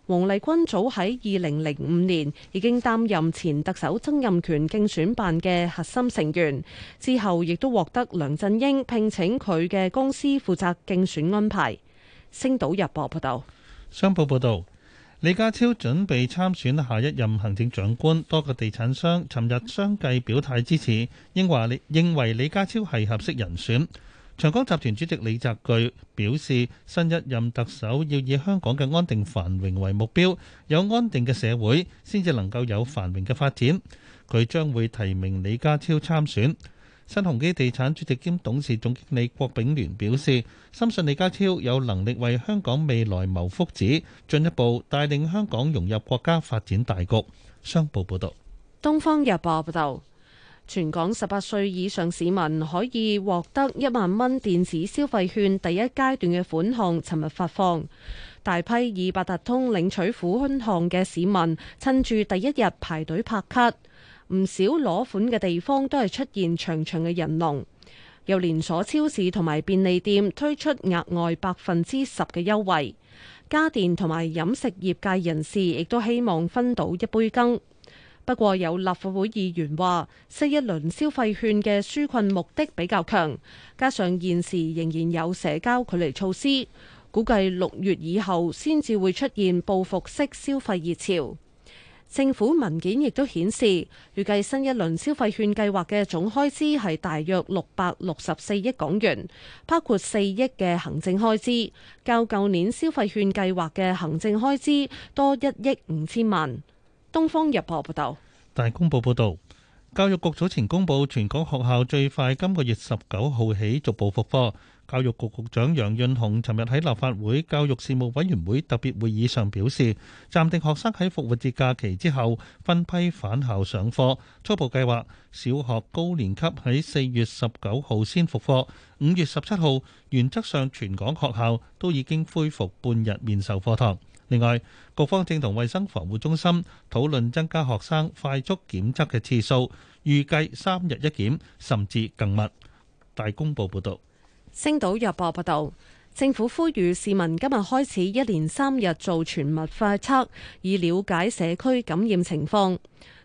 黃麗君早喺二零零五年已經擔任前特首曾蔭權競選辦嘅核心成員，之後亦都獲得梁振英聘請佢嘅公司負責競選安排。星島日報報道，商報報道，李家超準備參選下一任行政長官，多個地產商尋日相繼表態支持，應話認為李家超係合適人選。長江集團主席李澤钜表示，新一任特首要以香港嘅安定繁榮為目標，有安定嘅社會先至能夠有繁榮嘅發展。佢將會提名李家超參選。新鴻基地產主席兼董事總經理郭炳聯表示，深信李家超有能力為香港未來謀福祉，進一步帶領香港融入國家發展大局。商報報道，東方日報報道。全港十八歲以上市民可以獲得一萬蚊電子消費券，第一階段嘅款項，尋日發放。大批以八達通領取款項嘅市民，趁住第一日排隊拍卡，唔少攞款嘅地方都係出現長長嘅人龍。有連鎖超市同埋便利店推出額外百分之十嘅優惠，家電同埋飲食業界人士亦都希望分到一杯羹。不過有立法會議員話，新一輪消費券嘅紓困目的比較強，加上現時仍然有社交距離措施，估計六月以後先至會出現報復式消費熱潮。政府文件亦都顯示，預計新一輪消費券計劃嘅總開支係大約六百六十四億港元，包括四億嘅行政開支，較舊年消費券計劃嘅行政開支多一億五千萬。東方日報報道，大公報報道，教育局早前公佈，全港學校最快今個月十九號起逐步復課。教育局局長楊潤雄尋日喺立法會教育事務委員會特別會議上表示，暫定學生喺復活節假期之後分批返校上課。初步計劃，小學高年級喺四月十九號先復課，五月十七號，原則上全港學校都已經恢復半日面授課堂。另外，局方正同衛生防護中心討論增加學生快速檢測嘅次數，預計三日一檢甚至更密。大公報報導，星島日報報導，政府呼籲市民今日開始一連三日做全密快測，以了解社區感染情況。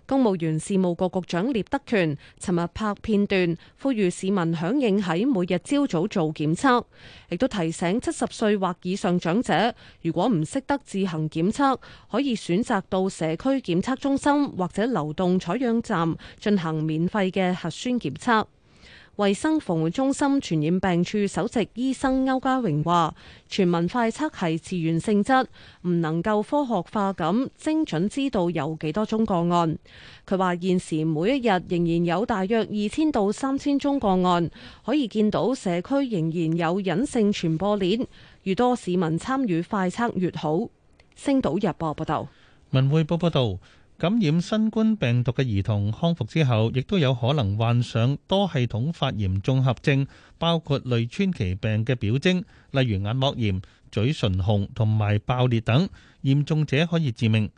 公務員事務局局長聶德權尋日拍片段，呼籲市民響應喺每日朝早做檢測，亦都提醒七十歲或以上長者，如果唔識得自行檢測，可以選擇到社區檢測中心或者流動採樣站進行免費嘅核酸檢測。衛生防護中心傳染病處首席醫生歐家榮話：全民快測係自願性質，唔能夠科學化咁精準知道有幾多宗個案。佢話現時每一日仍然有大約二千到三千宗個案，可以見到社區仍然有隱性傳播鏈，越多市民參與快測越好。星島日報報道，文匯報報道。感染新冠病毒嘅兒童康復之後，亦都有可能患上多系統發炎綜合症，包括類川崎病嘅表徵，例如眼膜炎、嘴唇紅同埋爆裂等，嚴重者可以致命。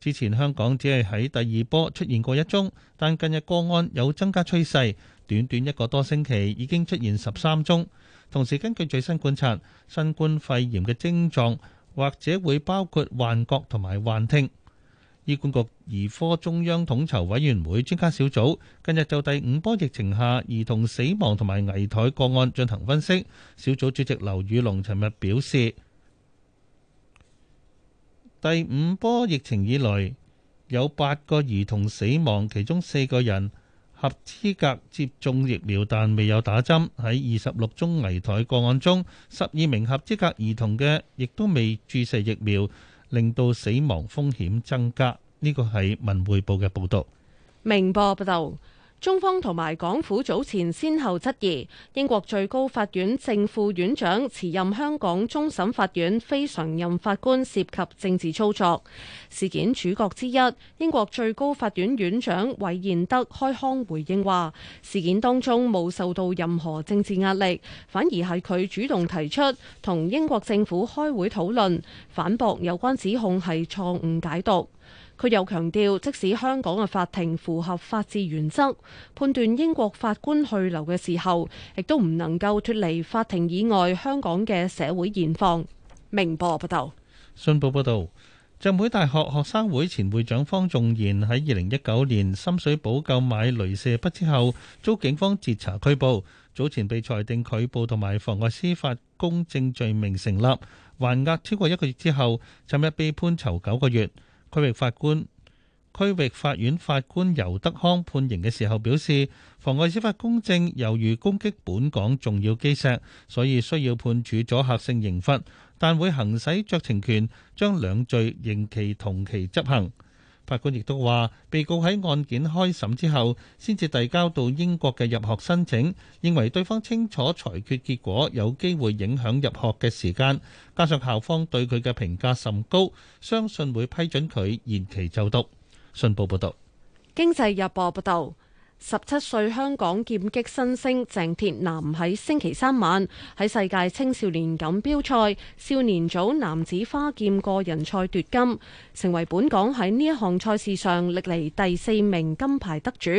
之前香港只係喺第二波出現過一宗，但近日個案有增加趨勢，短短一個多星期已經出現十三宗。同時根據最新觀察，新冠肺炎嘅症狀或者會包括幻覺同埋幻聽。醫管局兒科中央統籌委員會專家小組近日就第五波疫情下兒童死亡同埋危殆個案進行分析。小組主席劉宇龍尋日表示，第五波疫情以來，有八個兒童死亡，其中四個人合資格接種疫苗但未有打針。喺二十六宗危殆個案中，十二名合資格兒童嘅亦都未注射疫苗。令到死亡風險增加，呢個係文匯報嘅報導。明報報道。中方同埋港府早前先後質疑英國最高法院正副院長辭任香港終審法院非常任法官涉及政治操作。事件主角之一英國最高法院院長韋彥德開腔回應話：事件當中冇受到任何政治壓力，反而係佢主動提出同英國政府開會討論，反駁有關指控係錯誤解讀。佢又強調，即使香港嘅法庭符合法治原則，判斷英國法官去留嘅時候，亦都唔能夠脱離法庭以外香港嘅社會現況。明報報道，信報報道，浸會大學學生會前會長方仲賢喺二零一九年深水埗購買雷射筆之後，遭警方截查拘捕。早前被裁定拒捕同埋妨礙司法公正罪名成立，還押超過一個月之後，尋日被判囚九個月。區域法官、區域法院法官尤德康判刑嘅時候表示，妨礙司法公正，由於攻擊本港重要基石，所以需要判處阻嚇性刑罰，但會行使酌情權，將兩罪刑期同期執行。法官亦都話，被告喺案件開審之後，先至遞交到英國嘅入學申請，認為對方清楚裁決結果，有機會影響入學嘅時間，加上校方對佢嘅評價甚高，相信會批准佢延期就讀。信報報導，經濟日報報道。十七歲香港劍擊新星鄭鐵男喺星期三晚喺世界青少年錦標賽少年組男子花劍個人賽奪金，成為本港喺呢一項賽事上歷嚟第四名金牌得主。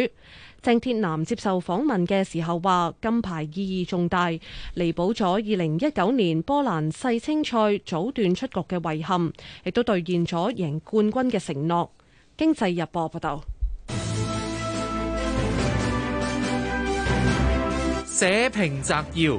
鄭鐵男接受訪問嘅時候話，金牌意義重大，彌補咗二零一九年波蘭世青賽早段出局嘅遺憾，亦都兌現咗贏冠軍嘅承諾。經濟日報報道。平社評摘要：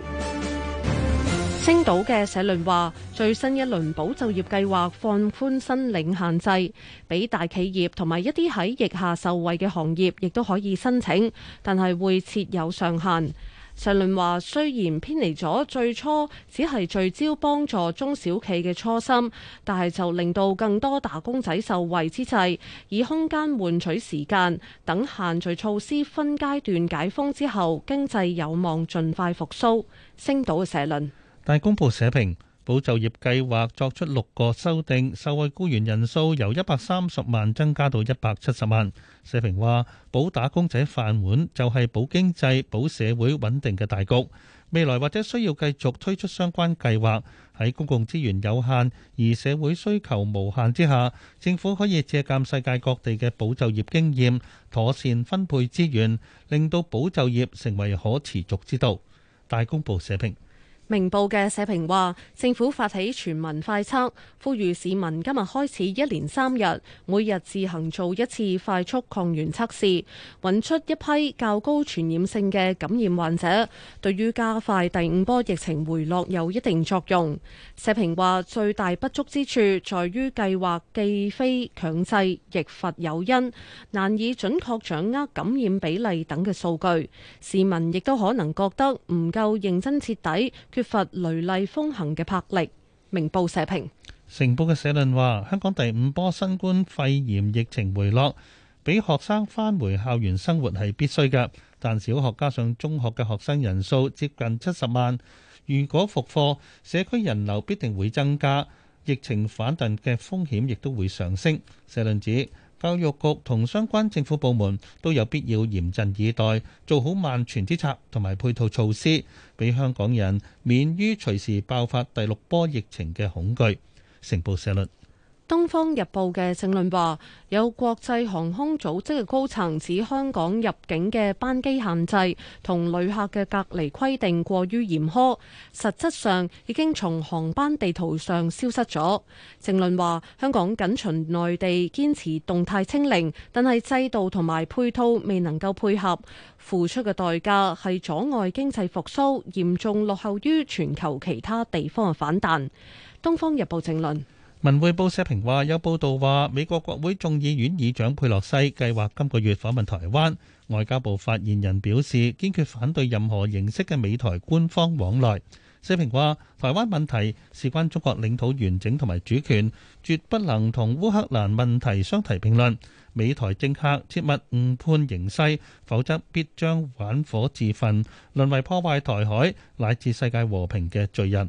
星島嘅社論話，最新一輪保就業計劃放寬申領限制，俾大企業同埋一啲喺疫下受惠嘅行業，亦都可以申請，但係會設有上限。社論話：雖然偏離咗最初只係聚焦幫助中小企嘅初心，但係就令到更多打工仔受惠之際，以空間換取時間，等限聚措施分階段解封之後，經濟有望盡快復甦。星島嘅社論，大公報社評。保就業計劃作出六個修訂，受惠雇員人數由一百三十萬增加到一百七十萬。社評話：保打工者飯碗就係保經濟、保社會穩定嘅大局。未來或者需要繼續推出相關計劃。喺公共資源有限而社會需求無限之下，政府可以借鑑世界各地嘅保就業經驗，妥善分配資源，令到保就業成為可持續之道。大公報社評。明報嘅社評話，政府發起全民快測，呼籲市民今日開始一連三日，每日自行做一次快速抗原測試，揾出一批較高傳染性嘅感染患者，對於加快第五波疫情回落有一定作用。社評話，最大不足之處在於計劃既非強制，亦乏誘因，難以準確掌握感染比例等嘅數據。市民亦都可能覺得唔夠認真徹底。缺乏雷厲風行嘅魄力，明報社評。成報嘅社論話：香港第五波新冠肺炎疫情回落，俾學生返回校園生活係必須㗎。但小學加上中學嘅學生人數接近七十萬，如果復課，社區人流必定會增加，疫情反彈嘅風險亦都會上升。社論指。教育局同相關政府部門都有必要嚴陣以待，做好萬全之策同埋配套措施，俾香港人免於隨時爆發第六波疫情嘅恐懼。成報社論。《東方日報》嘅政論話，有國際航空組織嘅高層指，香港入境嘅班機限制同旅客嘅隔離規定過於嚴苛，實質上已經從航班地圖上消失咗。政論話，香港僅循內地堅持動態清零，但係制度同埋配套未能夠配合，付出嘅代價係阻礙經濟復甦，嚴重落後於全球其他地方嘅反彈。《東方日報》政論。文匯報社評話，有報道話，美國國會眾議院議長佩洛西計劃今個月訪問台灣。外交部發言人表示，堅決反對任何形式嘅美台官方往來。社評話，台灣問題事關中國領土完整同埋主權，絕不能同烏克蘭問題相提並論。美台政客切勿誤判形勢，否則必將玩火自焚，淪為破壞台海乃至世界和平嘅罪人。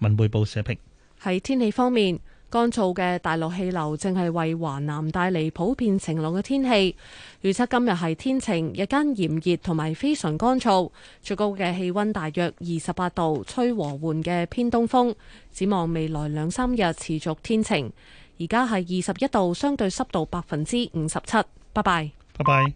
文匯報社評。喺天氣方面，乾燥嘅大陸氣流正係為華南帶嚟普遍晴朗嘅天氣。預測今日係天晴，日間炎熱同埋非常乾燥，最高嘅氣溫大約二十八度，吹和緩嘅偏東風。展望未來兩三日持續天晴。而家係二十一度，相對濕度百分之五十七。拜拜。拜拜。